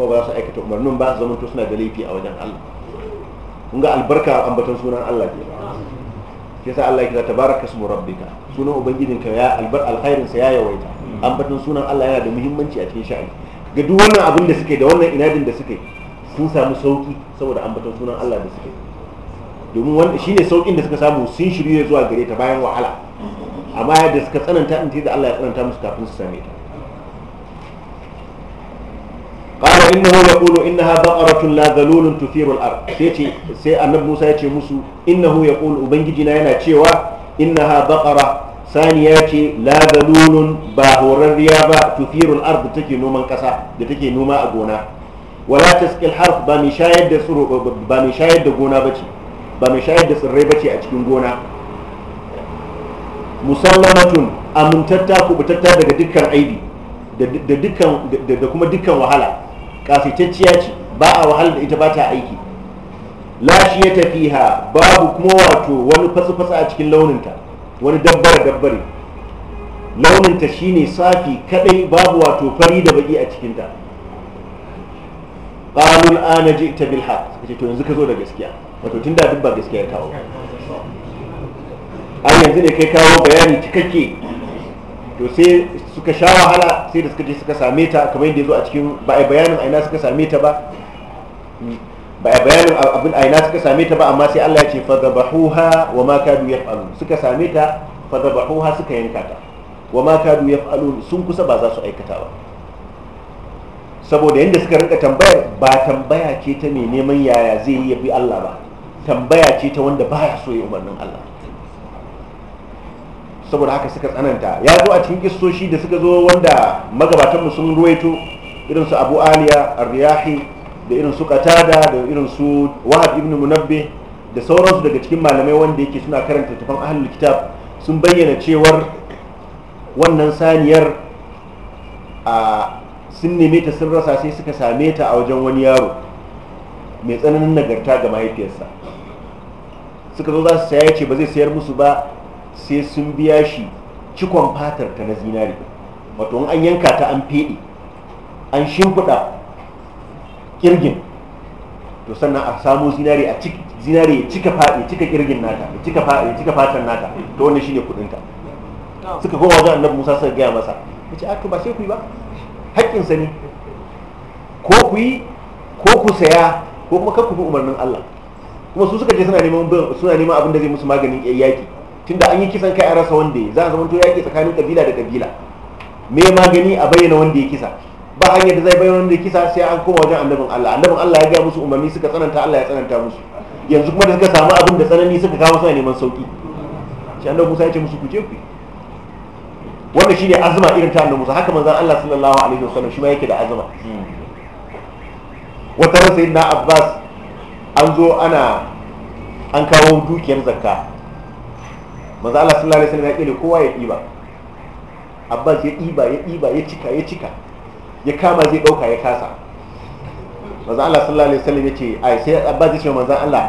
ko ba za su aikata umarnin ba zaman to suna da laifi a wajen Allah kun ga albarka ambaton sunan Allah ke shi yasa Allah ya kira tabaraka ismu rabbika sunan ubangijinka ya albar alkhairin sa ya yawaita ambatan sunan Allah yana da muhimmanci a cikin sha'ani ga duk wannan abin da suke da wannan inadin da suke sun samu sauki saboda ambatan sunan Allah da suke domin wanda shine saukin da suka samu sun shirye zuwa gare ta bayan wahala amma yadda suka tsananta in da Allah ya tsananta musu kafin su same ta qala innahu yaqulu innaha baqaratun la dhalulun tuthiru al-ard sai ce sai annabi Musa ya ce musu innahu yaqulu ubangijina na yana cewa innaha baqara sani ya ce la ba ba horarriya ba tufirul ard take noman kasa da take noma a gona wala tasqil harf ba mai shayar da tsiro ba mai shayar da gona bace ba mai shayar da tsirrai bace a cikin gona musallamatun amintatta kubutatta daga dukkan aibi da dukkan da kuma dukkan wahala kafitacciya ce ba a wahala da ita ba ta aiki la shi ya tafiha babu kuma wato wani fasa-fasa a cikin launinta wani dabbare dabbare launinta shine safi kadai babu wato fari da baki a cikinta qalul ana ji'ta bil haqq kace to yanzu ka zo da gaskiya wato tun da dubba gaskiya kawo ai yanzu ne kai kawo bayani cikakke to sai suka sha wahala sai da suka je suka same ta kamar yadda ya zo a cikin ba a bayanin aina suka same ta ba ba bayanin abin aina suka same ta ba amma sai Allah ya ce fa fadabahuha wa ma kadu yaf'alun suka same ta fa fadabahuha suka yanka ta wa ma kadu yaf'alun sun kusa ba za su aikata ba saboda yadda suka rinka tambaya ba tambaya ce ta mai neman yaya zai yi bi Allah ba tambaya ce ta wanda baya so ya umarnin Allah saboda haka suka tsananta ya zo a cikin kistoshi da suka zo wanda magabatanmu sun ruwaito irin su Abu Aliya a riyahi da irin su katada da irin su wahab ibn munabbi da sauransu daga cikin malamai wanda yake suna karanta tafan ahlul kitab sun bayyana cewar wannan saniyar a sun neme ta sun rasa sai suka same ta a wajen wani yaro mai tsananin nagarta ga mahaifiyarsa suka zo za su saya ce ba zai sayar musu ba sai sun biya shi cikon fatar ta na zinari wato an yanka ta an feɗe an shimfiɗa kirgin to sannan a samu zinare a zinare ya cika ya cika kirgin nata ya cika fa ya cika fatan nata to wannan shine kudin ta suka koma wajen annabi Musa suka gaya masa yace to ba sai ku yi ba haƙƙin sa ne ko ku yi ko ku saya ko kuma kar ku bi umarnin Allah kuma su suka je suna neman suna neman abin da zai musu maganin yaki tunda an yi kisan kai a rasa wanda ya za a zama to yaki tsakanin kabila da kabila me magani a bayyana wanda ya kisa ba hanyar da zai bai wanda kisa sai an koma wajen annabin Allah annabin Allah ya ga musu umarni suka tsananta Allah ya tsananta musu yanzu kuma da suka samu abin da tsanani suka kawo suna neman sauki shi annabin Musa ya ce musu ku je ku wannan shine azuma irin ta annabin Musa haka manzon Allah sallallahu alaihi wasallam shi ma yake da azuma wata ran na Abbas an zo ana an kawo dukiyar zakka manzon Allah sallallahu alaihi wasallam ya kile kowa ya ɗiba Abbas ya ɗiba ya ɗiba ya cika ya cika ya kama zai ɗauka ya kasa manzan Allah sallallahu alaihi wasallam ya ce ai sai abba zai ce manzan Allah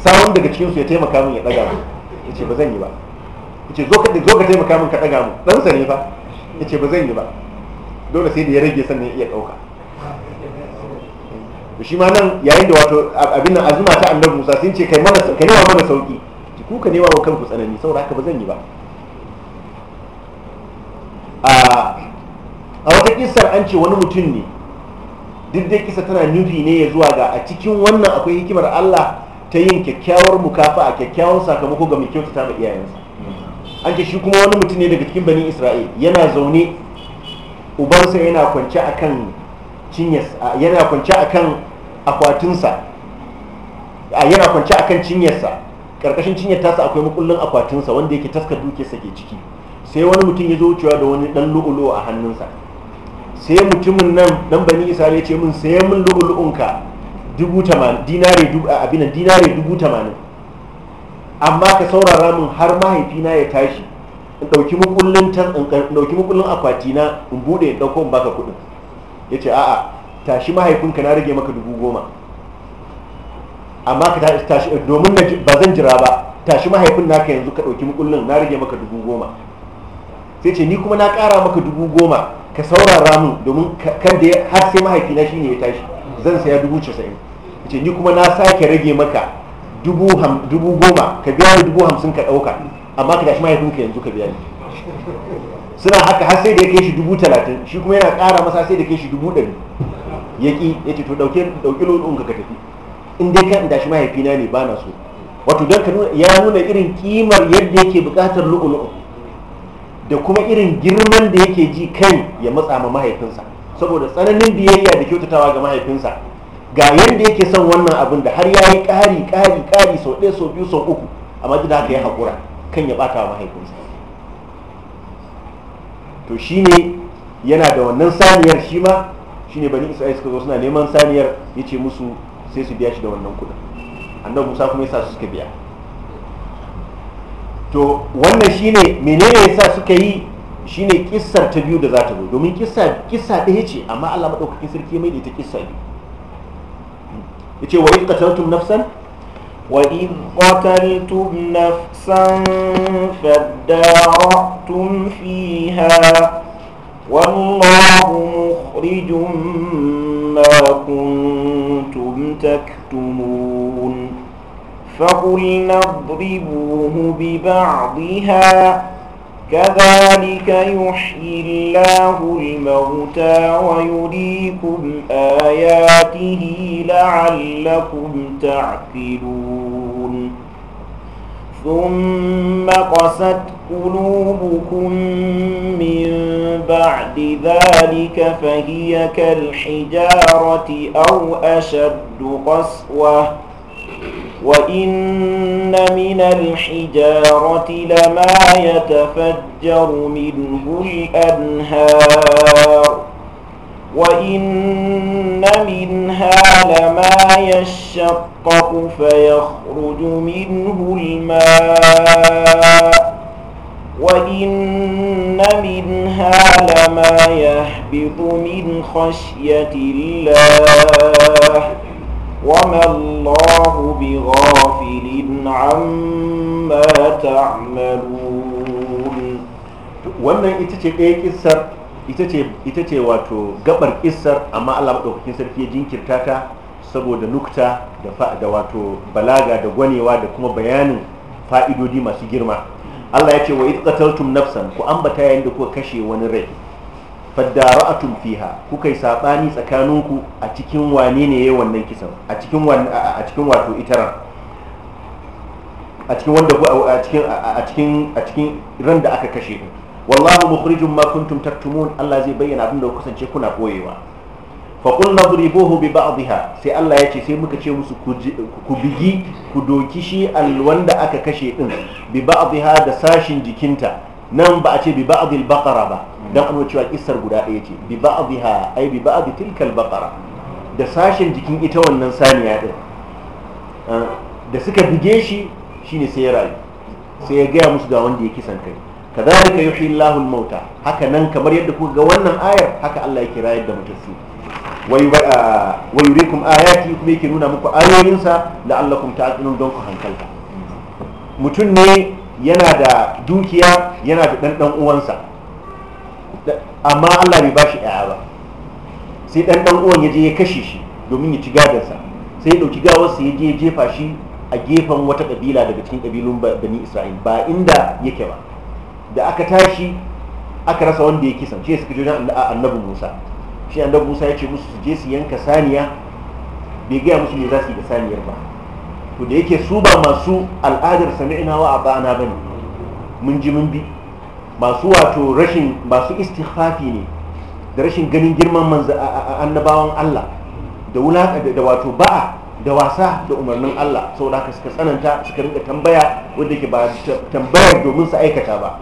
sawon daga cikinsu ya taimaka min ya ɗaga mu ya ce ba zan yi ba ya ce zo ka taimaka min ka ɗaga mu ɗansa ne fa ya ce ba zan yi ba dole sai da ya rage sannan ya iya ɗauka shi ma nan yayin da wato abin nan azuma ta annabi Musa sun ce kai mana kai nema mana sauki ku ka nema wa kanku tsanani saboda haka ba zan yi ba a a wata kisar an ce wani mutum ne duk dai kisa tana nufi ne ya zuwa ga a cikin wannan akwai hikimar Allah ta yin kyakkyawar mukafa a kyakkyawar sakamako ga mai kyautata ma iyayensa an ce shi kuma wani mutum ne daga cikin banin Isra'il yana zaune ubansa yana kwance akan cinyas yana kwance akan akwatinsa yana kwance cinyarsa karkashin cinyar tasa akwai makullin akwatinsa wanda yake taskar dukiyarsa ke ciki sai wani mutum ya zo wucewa da wani dan lu'ulu a hannunsa sai mutumin nan nan bani isa ne ce min sai mun lu'ulu'unka dubu tamanin dinare dubu abinan dinare dubu tamanin amma ka saurara min har mahaifina ya tashi in ɗauki mukullin tan in ɗauki mukullin akwati na in bude in ɗauko in baka kuɗin ya ce a'a tashi mahaifinka na rage maka dubu goma amma ka tashi domin ba zan jira ba tashi mahaifin naka yanzu ka ɗauki mukullin na rage maka dubu goma sai ce ni kuma na kara maka dubu goma ka saurara mu domin kan da har sai mahaifina shi ne ya tashi zan saya dubu casa'in ce ni kuma na sake rage maka dubu goma ka biya ni dubu hamsin ka ɗauka amma ka mahaifin ka yanzu ka biya ni suna haka har sai da ya kai shi dubu talatin shi kuma yana kara masa sai da kai shi dubu ɗari ya ki ya ce to ɗauki lodin ka tafi in dai kan tashi mahaifina ne ba na so wato don ka ya nuna irin kimar yadda yake buƙatar lu'ulu'u da kuma irin girman da yake ji kai ya matsa ma mahaifinsa saboda tsananin biyayya da kyautatawa ga mahaifinsa ga yadda yake son wannan abin da har ya yi ƙari ƙari ƙari sau ɗaya sau biyu sau uku amma maji da haka ya haƙura kan ya ɓata wa mahaifinsa to shi ne yana da wannan saniyar shi ma shi ne bani isra'il suka zo suna neman saniyar ya ce musu sai su biya shi da wannan kuɗin annabi musa kuma ya sa su suka biya to wannan shine menene yasa suka yi shine kissar ta biyu da za ta zo domin kissa kissa ɗaya ce amma Allah madaukakin sarki mai ta kissa biyu yace wa idh qataltum nafsan wa idh qataltum nafsan fadda'tum fiha wallahu mukhrijum ma kuntum taktumun فقلنا اضربوه ببعضها كذلك يحيي الله الموتى ويريكم آياته لعلكم تعقلون ثم قست قلوبكم من بعد ذلك فهي كالحجارة أو أشد قسوةً وإن من الحجارة لما يتفجر منه الأنهار وإن منها لما يشقق فيخرج منه الماء وإن منها لما يهبط من خشية الله وما الله بغافل عما تعملون wannan ita ce ɗaya ita ce wato gabar ƙisar amma Allah maɗaukakin sarki ya jinkirta ta saboda nukta da wato balaga da gwanewa da kuma bayanin fa'idodi masu girma Allah ya ce wa id qataltum nafsan ku ambata yayin da kuka kashe wani rai fadara'atum fiha kuka yi saɓani tsakaninku a cikin wane ne yi wannan kisan a cikin wato itaran a cikin wanda a a cikin ran da aka kashe din wallahu mukhrijum ma kuntum Allah zai bayyana abin da kusance kuna koyewa fa qul nadribuhu bi ba'dihha sai Allah ya ce sai muka ce musu ku bigi ku doki shi alwanda aka kashe din bi ba'dihha da sashin jikinta nan ba a ce bi ba'dil baqara ba dan an cewa kisar guda ɗaya ce bi ba'dha ai bi ba'd tilkal baqara da sashen jikin ita wannan saniya din eh, da suka buge shi shine sai ya rayu sai ya gaya musu ga wanda ya kisan kai kadhalika yuhyi Allahu al-mauta haka nan kamar yadda kuka ga wannan ayar haka Allah yake rayar da mutum ah, wa yurikum ayati kuma yake nuna muku ayoyinsa la'allakum ta'qilun don ku hankalta mutum ne yana da dukiya yana da ɗanɗan uwansa amma allah bai ba shi ɗaya ba sai ɗanɗan uwan ya je ya kashe shi domin ya ci gadansa sai ya ɗauki gawarsa ya je ya jefa shi a gefen wata ƙabila daga cikin ƙabilun bani isra'il ba inda yake ba da aka tashi aka rasa wanda ya kisan shi suka jojan annabi musa shi annabi musa ya ce musu su je su yanka saniya bai gaya musu ne za su yi da saniyar ba to da yake su ba masu al'adar sami'na wa ba ne mun ji mun bi masu wato rashin masu ne da rashin ganin girman manzo annabawan Allah da wulaka da wato ba'a da wasa da umarnin Allah saboda haka suka tsananta suka rinka tambaya wanda yake ba tambayar domin su aikata ba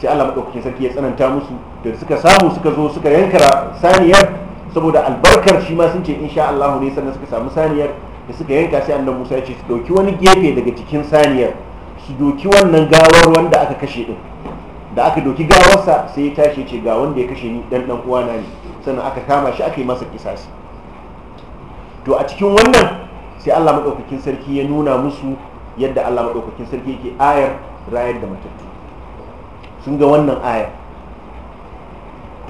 sai Allah madaukakin sarki ya tsananta musu da suka samu suka zo suka yanka saniyar saboda albarkar shi ma sun ce insha Allah ne sannan suka samu saniyar da suka yanka sai annabi musa ya ce su ɗauki wani gefe daga cikin saniyar su doki wannan gawar wanda aka kashe din da aka doki gawarsa sai ya tashi ce ga wanda ya kashe ni dan dan uwana ne sannan aka kama shi aka yi masa kisasi to a cikin wannan sai Allah madaukakin sarki ya nuna musu yadda Allah madaukakin sarki yake ayar rayar da matattu sun ga wannan ayar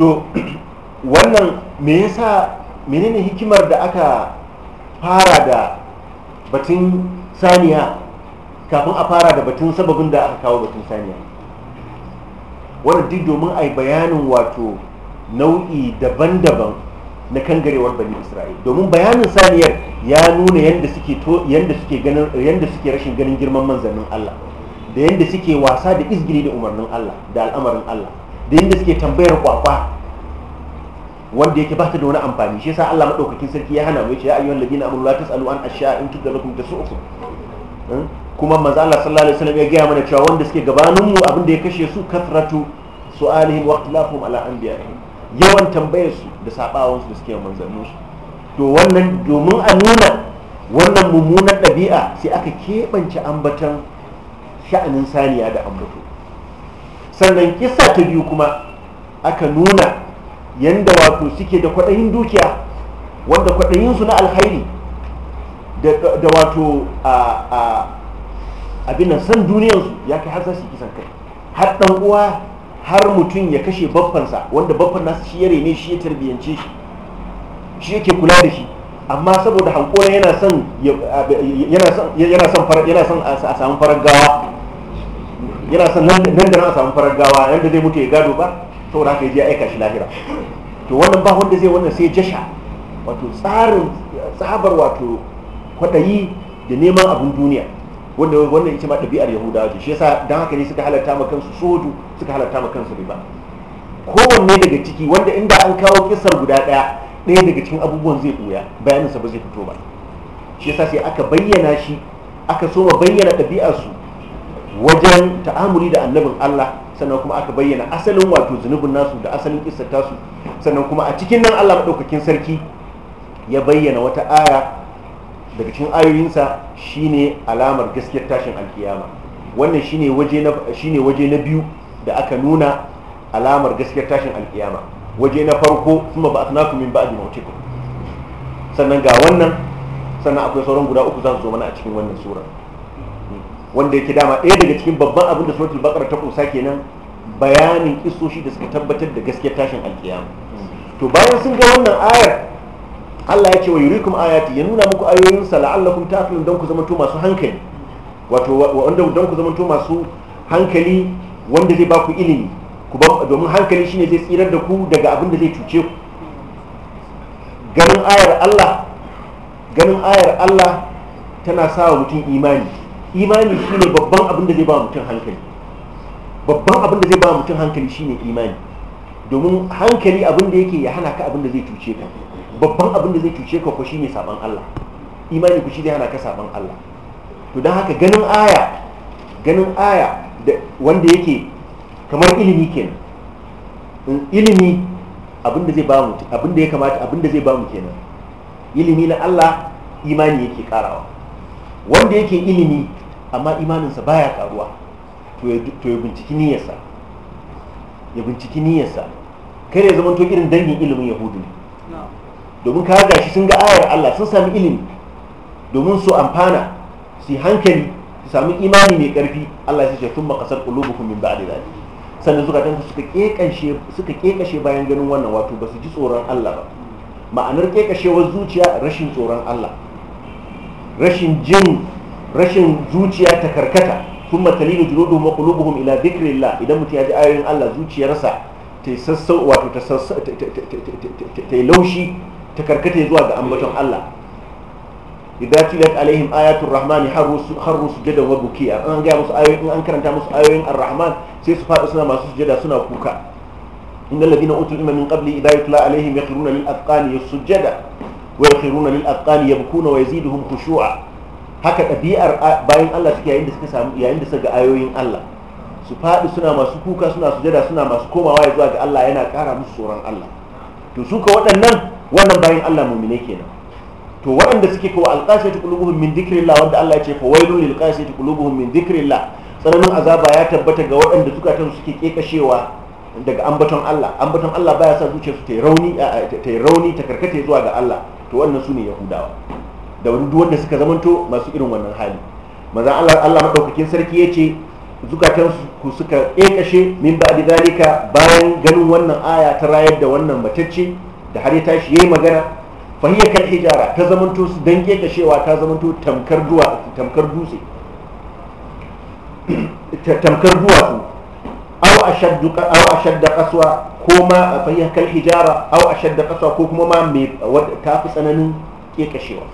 to (clears throat) wannan me yasa menene hikimar da aka fara da batun saniya kafin a fara da batun sababin da aka kawo batun saniya wadda duk domin a yi bayanin wato nau'i daban-daban na garewar bani isra'il domin bayanin saniyar ya nuna yadda suke rashin ganin girman manzannin Allah da yadda suke wasa da izgiri da umarnin Allah da al'amarin Allah da yadda suke tambayar kwakwa wanda yake ba ta da wani amfani shi yasa Allah madaukakin sarki ya hana mu ce ya ayyuhal ladina amanu la tasalu an ashya in tudda lakum tasu'u hmm? kuma manzo Allah sallallahu alaihi wasallam ya gaya mana cewa wanda suke gabanin mu abin da ya kashe su kafratu su'alihim wa ikhtilafuhum ala anbiya'ihim yawan tambayar su da sabawan su da suke manzannin su to wannan domin a nuna wannan mummunan ɗabi'a sai aka keɓance ambatan sha'anin saniya da ambato sannan kisa ta biyu kuma aka nuna yanda wato suke da kwaɗayin dukiya wanda kwaɗayinsu na alkhairi da wato abin nan san duniyarsu ya kai har za su yi kisan kai har ɗan uwa har mutum ya kashe baffansa wanda baffan nasu shi ya rene shi ya tarbiyyance shi shi yake kula da shi amma saboda hankora yana son yana son a samu farar gawa yana son nan da nan a samu farar gawa yadda zai mutu ya gado ba saboda haka ya aika shi lahira to wannan ba wanda zai wannan sai jasha wato tsarin tsabar wato kwaɗayi da neman abin duniya wanda wannan ita ma ɗabi'ar yahudawa ce shi yasa don haka ne suka halatta ma kansu sodu suka halatta ma kansu riba kowanne daga ciki wanda inda an kawo kisar guda ɗaya ɗaya daga cikin abubuwan zai ɓuya sa ba zai fito ba shi yasa sai aka bayyana shi aka so ma bayyana ɗabi'arsu wajen ta'amuli da annabin allah sannan kuma aka bayyana asalin wato zunubin nasu da asalin kisar tasu sannan kuma a cikin nan Allah madaukakin sarki ya bayyana wata aya daga cikin ayoyinsa shine alamar gaskiyar tashin alkiyama wannan shine waje na shine waje na biyu da aka nuna alamar gaskiyar tashin alkiyama waje na farko kuma ba asnaku min ba'di mautikum sannan ga wannan sannan akwai sauran guda uku za su zo mana a cikin wannan sura wanda yake dama ɗaya daga cikin babban abin da suratul baqara ta kusa kenan bayanin kisoshi da suka tabbatar da gaskiyar tashin alkiyama to bayan sun ga wannan ayar Allah ya ce wa yurikum ayati ya nuna muku sa la'allakum taqilun dan ku to masu hankali wato wanda dan ku to masu hankali wanda zai ba ku ilimi ku ba domin hankali shine zai tsirar da ku daga abin da zai cuce ku ganin ayar Allah ganin ayar Allah tana sa mutum imani imani shine babban abin da zai ba mutum hankali babban abin da zai ba mutum hankali shine imani domin hankali abin da yake ya hana ka abin da zai cuce ka babban abin da zai cuce ka ko shine saban Allah imani ku shi zai hana ka saban Allah to don haka ganin aya ganin aya da wanda yake kamar ilimi kenan ilimi abin da zai ba mu abin da ya kamata abin da zai ba mu kenan ilimi na Allah imani yake karawa wanda yake ilimi amma imaninsa baya karuwa to ya binciki niyyarsa ya binciki niyyarsa kai ne zama to irin dangin ilimin yahudu ne domin ka ga shi sun ga ayar Allah sun sami ilimi domin su amfana su hankali su sami imani mai karfi Allah ya ce tun makasar qulubukum min ba'di dhalik sannan suka tanka suka kekashe suka kekashe bayan ganin wannan wato ba su ji tsoron Allah ba ma'anar kekashewar zuciya rashin tsoron Allah rashin jin rashin zuciya ta karkata thumma talinu juluduhum wa qulubuhum ila dhikrillah idan mutum ya ji ayoyin Allah zuciyarsa ta sassau wato ta ta laushi ta karkata zuwa ga ambaton Allah idza tilat alaihim ayatul rahman harru sujada wa bukiya an ga musu ayoyin an karanta musu ayoyin ar-rahman sai su fada suna masu sujada suna kuka إن الذين أوتوا العلم من قبل إذا يتلى عليهم يخرون للأذقان سجدا ويخرون للأذقان يبكون ويزيدهم خشوعا haka ɗabi'ar bayan Allah suke yayin da suka samu yayin da suka ayoyin Allah su faɗi suna masu kuka suna sujada suna masu komawa ya zuwa ga Allah yana ƙara musu tsoron Allah to su ka waɗannan wannan bayan Allah mumine kenan to waɗanda suke kawo ta qulubuhum min dhikrillah wanda Allah ya ce fa wailul lil ta qulubuhum min dhikrillah tsananin azaba ya tabbata ga waɗanda zukatan suke kekashewa daga ambaton Allah ambaton Allah baya sa zuciyarsu ta yi rauni ta rauni ta karkata zuwa ga Allah to wannan su ne yahudawa da wani duk wanda suka zamanto masu irin wannan hali maza Allah Allah madaukakin sarki yace zukatan ku suka kashe min ba zalika bayan ganin wannan aya ta rayar da wannan matacce da har ya tashi yayi magana fa hiya kal hijara ta zamanto su dan kashewa ta zamanto tamkar duwa tamkar dutse tamkar duwatsu aw ashaddu aw ashadda qaswa ko ma fa hiya kal hijara aw ashadda qaswa ko kuma ma mai ta fi tsananin kashewa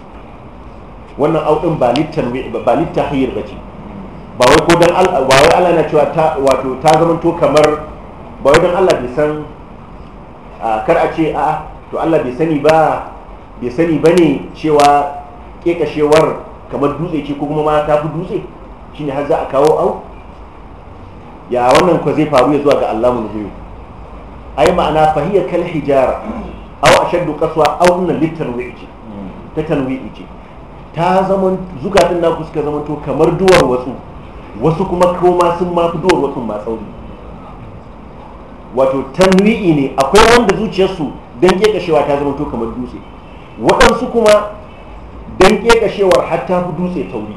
wannan audin ba littan ba littahir bace ba wai ko dan ba wai Allah na cewa ta wato ta to kamar ba wai dan Allah bai san kar a ce a to Allah bai sani ba bai sani bane cewa kekashewar kamar dutse ce ko kuma ma ta fi dutse shine har za a kawo au ya wannan ko zai faru ya zuwa ga Allah mun huyu ai ma'ana fahiya kal hijara aw ashaddu qaswa aw inna litanwi'i ta tanwi'i ce ta zaman zukatun naku suka zama to kamar duwar wasu wasu kuma koma sun ma fi duwar wasu ma tsauri wato tanwi'i ne akwai wanda zuciyarsu don kekashewa ta zama to kamar dutse waɗansu kuma don kekashewar hatta fi dutse tauri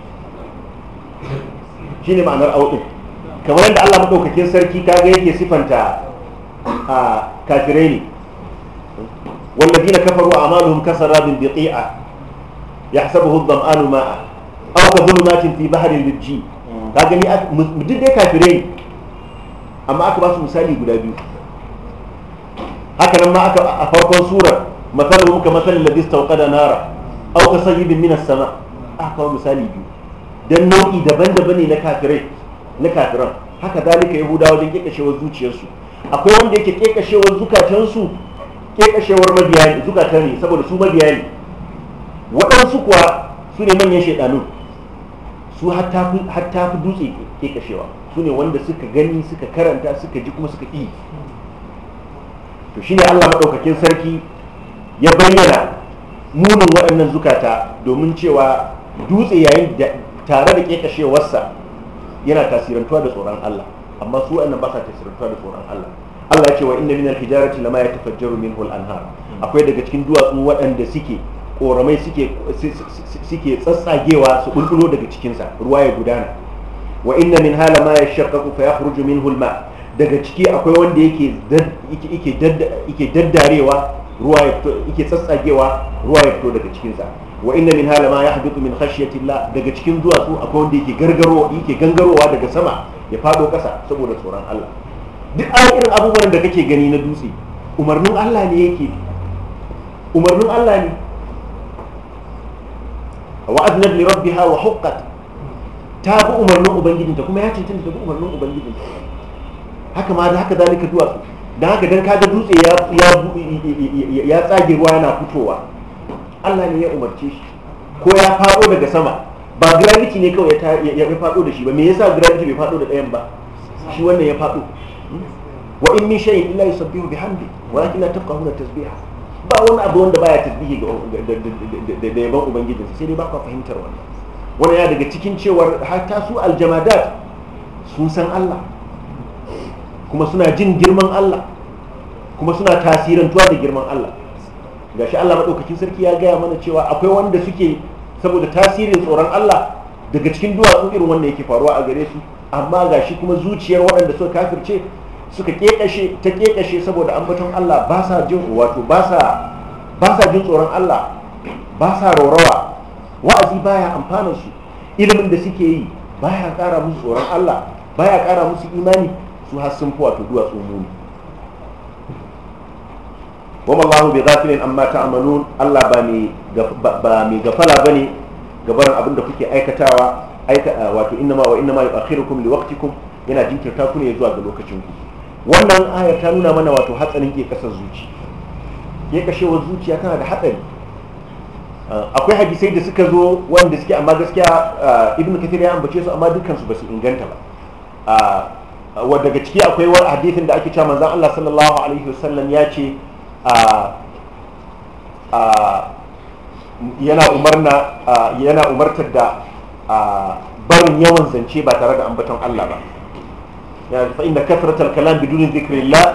shine ma'anar auɗin kamar yadda allah maɗaukakin sarki kaga yake sifanta a kafirai ne والذين كفروا أعمالهم كسراب بقيعة yahsabuhu dhama'anu ma'a aw ka dhulumatin fi bahri kaga ni duk dai kafirai amma aka ba misali guda biyu haka ma a farkon surar mathaluhum ka mathalil ladhi istawqada nara aw ka sama misali biyu dan nau'i daban-daban ne na kafirai na kafiran haka zalika yahuda wajen kekashewar zuciyarsu akwai wanda yake kekashewar zukatansu kekashewar mabiya ne zukatan ne saboda su mabiya ne waɗansu kuwa su ne manyan shaidanun su hatta fi dutse ke kashewa su ne wanda suka gani suka karanta suka ji kuma suka iya to shi ne allah maɗaukakin sarki ya bayyana munin waɗannan zukata domin cewa dutse yayin da tare da kashewarsa yana tasirantuwa da tsoron allah amma su waɗannan ba sa tasirantuwa da tsoron allah allah ya ce wa inna min alhijarati lama yatafajjaru min hul anhar akwai daga cikin duwatsu waɗanda suke koramai suke tsatsagewa su bulbulo daga cikinsa ruwa ya gudana wa inna min hala ma yashaqqaqu fa ya minhu al hulma daga ciki akwai wanda yake daddarewa ruwa ya fito yake tsatsagewa ruwa ya fito daga cikinsa wa inna min hala ma yahduthu min khashyati daga cikin duwatsu akwai wanda yake gargaro yake gangarowa daga sama ya fado kasa saboda tsoron Allah duk an irin abubuwan da kake gani na dutse umarnin Allah ne yake umarnin Allah ne wa adnab li rabbiha wa huqqat ta bi umarnin ubangijinta kuma ya cancanta ta bi umarnin ubangijinta haka ma da haka zalika duwatsu don haka don kaga dutse ya tsage ruwa yana fitowa allah ne ya umarce shi ko ya faɗo daga sama ba gravity ne kawai ya faɗo da shi ba me yasa gravity bai faɗo da ɗayan ba shi wannan ya faɗo hmm? wa in min shay'in illa yusabbihu bihamdi walakin la tafqahuna tasbiha ba wani abu wanda baya tasbihi ga da yaban ubangijinsa sai dai ba ka fahimtar wannan wani ya daga cikin cewar hatta su aljamadat sun san Allah kuma suna jin girman Allah kuma suna tasirantuwa da girman Allah Ga shi Allah maɗaukakin sarki ya gaya mana cewa akwai wanda suke saboda tasirin tsoron Allah daga cikin duwatsu irin wanda yake faruwa a gare su amma shi kuma zuciyar waɗanda suka kafirce suka kekashe ta kekashe saboda ambaton Allah ba sa jin wato ba sa ba sa jin tsoron Allah ba sa rorawa wa'azi baya amfanar su ilimin da suke yi baya kara musu tsoron Allah baya kara musu imani su har sun wato duwatsu muni wama Allahu bi ghafilin amma ta'malun Allah ba mai ba mai gafala bane gabaran abin da kuke aikatawa aika wato ma wa innama yu'akhirukum liwaqtikum yana jinkirta ku ne zuwa ga lokacin ku wannan aya ta nuna mana wato hatsarin ke kasar zuci ke kashewar zuciya tana da hatsari ah, akwai hadisai da suka zo wanda suke amma gaskiya ah, ibn kathir ya ambace su amma dukansu ba su inganta ba ah, wa daga ciki akwai wani hadisin da ake cewa manzon Allah sallallahu alaihi wasallam ya ce yana umarna yana umartar da barin yawan zance ba tare da ambaton Allah ba يعني فإن كثرة الكلام بدون ذكر الله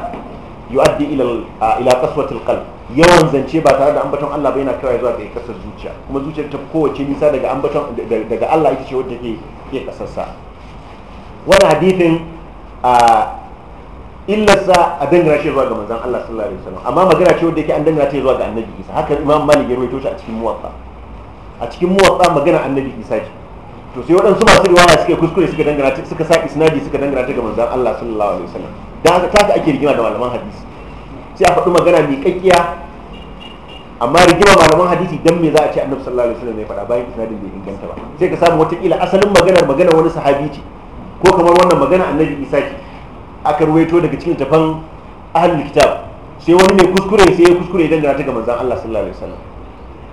يؤدي إلى إلى قسوة القلب yawan zance ba tare da ambaton Allah ba yana kira zuwa ga kasar zuciya kuma zuciyar ta kowace nisa daga ambaton daga Allah ita ce wadda ke ke kasarsa wani hadithin a illarsa a dangana shi zuwa ga manzon Allah sallallahu alaihi wasallam amma magana ce wadda yake an dangana ta zuwa ga annabi Isa haka Imam Malik ya rawaito shi a cikin muwatta a cikin muwatta magana annabi Isa ce to sai waɗansu masu riwaya suke kuskure suka dangana suka sa isnadi suka dangana ta ga manzon Allah sallallahu alaihi wasallam dan haka ta ake rigima da malaman hadisi sai a faɗi magana mai kakkiya amma rigima malaman hadisi dan me za a ce annabi sallallahu alaihi wasallam ya faɗa bayan isnadin bai inganta ba sai ka samu wata kila asalin maganar maganar wani sahabi ce ko kamar wannan magana annabi Isa ce aka ruwaito daga cikin tafan ahlul kitab sai wani mai kuskure sai ya kuskure dangana ta ga manzon Allah sallallahu alaihi wasallam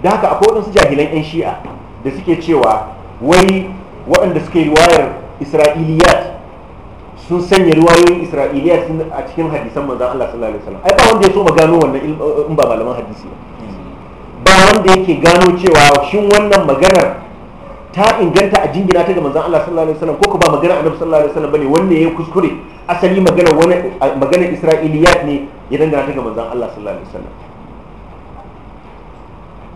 da haka akwai waɗansu jahilan yan shi'a da suke cewa wai waɗanda suke riwayar isra'iliyat sun sanya riwayoyin isra'iliyat a cikin hadisan manzan Allah sallallahu alaihi wasallam ai ba wanda ya so gano wannan in ba malaman hadisi ba wanda yake gano cewa shin wannan maganar ta inganta a jingina ta ga manzan Allah sallallahu alaihi wasallam ko ko ba magana annabi sallallahu alaihi wasallam bane wanda yayi kuskure asali maganar wani isra'iliyat ne ya dangana ta ga manzan Allah sallallahu alaihi wasallam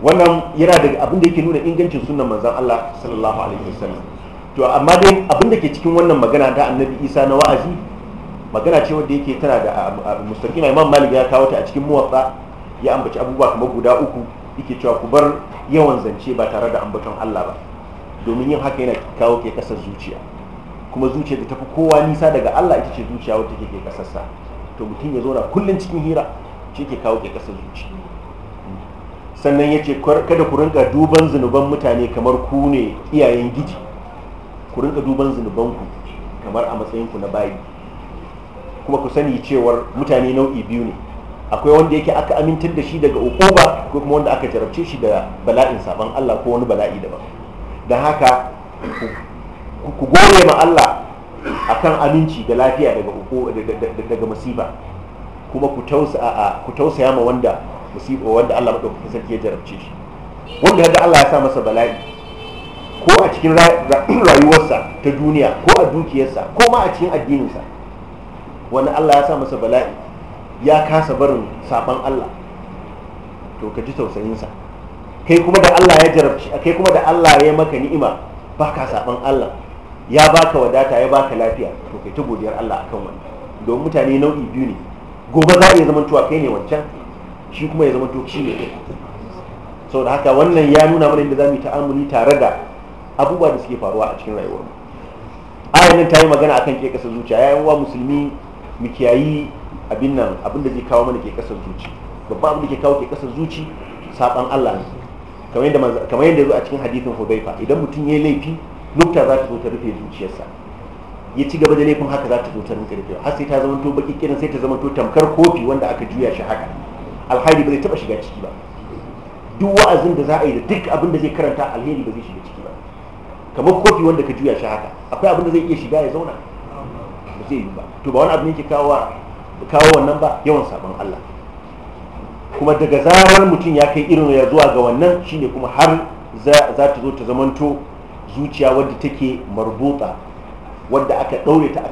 wannan yana daga abin da yake nuna ingancin sunan manzan Allah sallallahu alaihi wasallam to amma dai abin da ke cikin wannan magana ta annabi Isa na wa'azi magana ce wanda yake tana da mustaqima Imam Malik ya kawo ta a cikin muwatta ya ambaci abubuwa kamar guda uku yake cewa ku bar yawan zance ba tare da ambaton Allah ba domin yin haka yana kawo ke kasar zuciya kuma zuciya da tafi kowa nisa daga Allah ita ce zuciya wadda take ke kasarsa to mutum ya zo na kullun cikin hira shi ke kawo ke kasar zuciya sannan ya ce kada ku rinka duban zunuban mutane kamar ku ne iyayen gidi ku rinka duban ku kamar a matsayin ku na bayi kuma ku sani cewar mutane nau'i biyu ne akwai wanda yake aka amintar da shi daga ukuba ko kuma wanda aka jarabce shi da bala'in saban Allah ko wani bala'i daban da haka ku gore ma Allah akan aminci da lafiya daga daga masifa kuma ku tausaya ma wanda musibo wanda Allah madaukakin sarki ya jarabce shi wanda yadda Allah ya sa masa bala'i ko a cikin (clears throat) rayuwarsa ta duniya ko a dukiyarsa ko ma a cikin addininsa wani Allah ya sa masa bala'i ya kasa barin saban Allah to ka ji tausayinsa kai kuma da Allah ya jarabci kai kuma da Allah ya maka ni'ima baka saban Allah ya baka wadata ya baka lafiya to kai ta godiyar Allah akan wannan domin mutane nau'i biyu ne gobe za a iya tuwa kai ne wancan shi kuma ya zama to shi ne saboda haka wannan ya nuna mana inda za mu yi ta'amuli tare da abubuwa da suke faruwa a cikin rayuwar mu ayan nan ta yi magana akan ke kasar zuciya ya yawa musulmi mu kiyayi abin nan abin da zai kawo mana ke kasar zuci babban abin da ke kawo ke kasar zuci saban Allah ne kamar yadda kamar yadda zo a cikin hadisin Hudayfa idan mutum yayi laifi lokta za ta zo ta rufe zuciyarsa ya ci gaba da laifin haka za ta zo ta rinka rufewa har sai ta zama to baki kiran sai ta zama to tamkar kofi wanda aka juya shi haka alhari ba zai taba shiga ciki ba duk wa'azin da za a yi da duk abin da zai karanta alheri ba zai shiga ciki ba kamar kofi wanda ka juya shi haka akwai abin da zai iya shiga ya zauna ba zai yi ba to ba wani abin yake kawo kawo wannan ba yawan sabon Allah kuma daga zarar mutum ya kai irin ya zuwa ga wannan shine kuma har za ta zo ta zamanto zuciya wadda take marbuta wadda aka ɗaure ta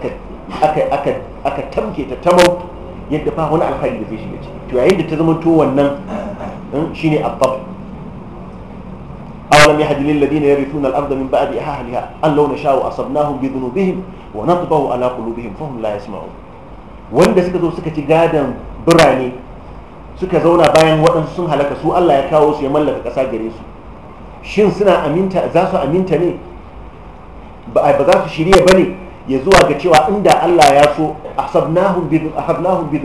aka tamke ta tamau yadda ba wani alkhari da zai shiga ciki to yayin da ta zama to wannan eh, shine abbab أولم يهد للذين يرثون الأرض من بعد أهلها أن لو نشاء أصبناهم بذنوبهم ونطبع على قلوبهم فهم لا يسمعون wanda suka zo suka ci gadon birane suka zauna bayan waɗansu sun halaka su Allah ya kawo su ya mallaka ƙasa gare su shin suna aminta za su aminta ne ba za su shirya ba ne ya zuwa ga cewa inda Allah ya so ahsabnahum bi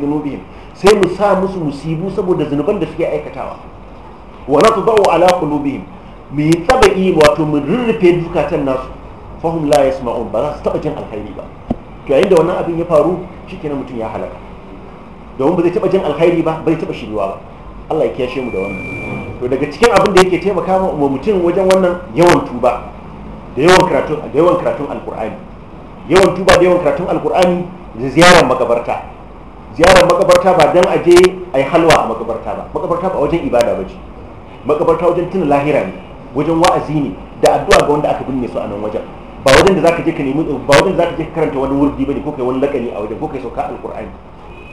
dhunubihim sai mu sa musu musibu saboda zunuban da suke aikatawa wa natba'u ala qulubihim mu yi tsaba'i wato mu rurrufe dukatan nasu fahum la yasma'un ba za su taba jin alkhairi ba to yayin da wannan abin ya faru shikenan mutum ya halaka domin ba zai taba jin alkhairi ba ba zai taba shiriwa ba Allah ya kiyashe mu da wannan to daga cikin abin da yake taimaka wa mutum wajen wannan yawan tuba da yawan karatun da yawan karatun alkur'ani yawan tuba da yawan karatun alkur'ani da ziyarar makabarta ziyarar makabarta ba dan aje yi halwa a makabarta ba makabarta ba wajen ibada ba ce makabarta wajen tuna lahira ne wajen wa'azi ne da addu'a ga wanda aka binne su a nan wajen ba wajen da zaka je ka nemi ba wajen da zaka je ka karanta wani wurdi bane ko kai wani lakani a wajen ko kai sauka alkur'ani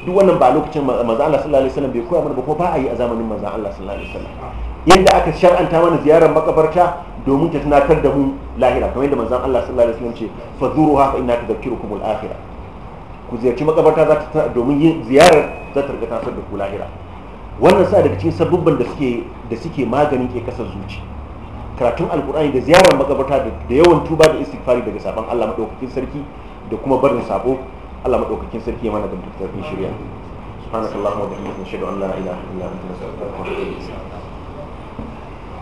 duk wannan ba lokacin manzo Allah sallallahu alaihi wasallam bai koya mana ba ko ba a yi a zamanin manzo Allah sallallahu alaihi wasallam yadda aka shar'anta mana ziyarar makabarta domin ta tunatar da mu lahira kamar yadda manzon Allah sallallahu alaihi wasallam ce fazuruha fa inna tudhakkirukum al ku ziyarci makabarta za ta domin yin ziyarar za ta riga da ku lahira wannan sa daga cikin sabubban da suke da suke maganin ke kasar zuci karatun alkur'ani da ziyarar makabarta da yawan tuba da istighfari daga sabon Allah madaukakin sarki da kuma barin sabo Allah madaukakin sarki ya mana da mutuntar shirya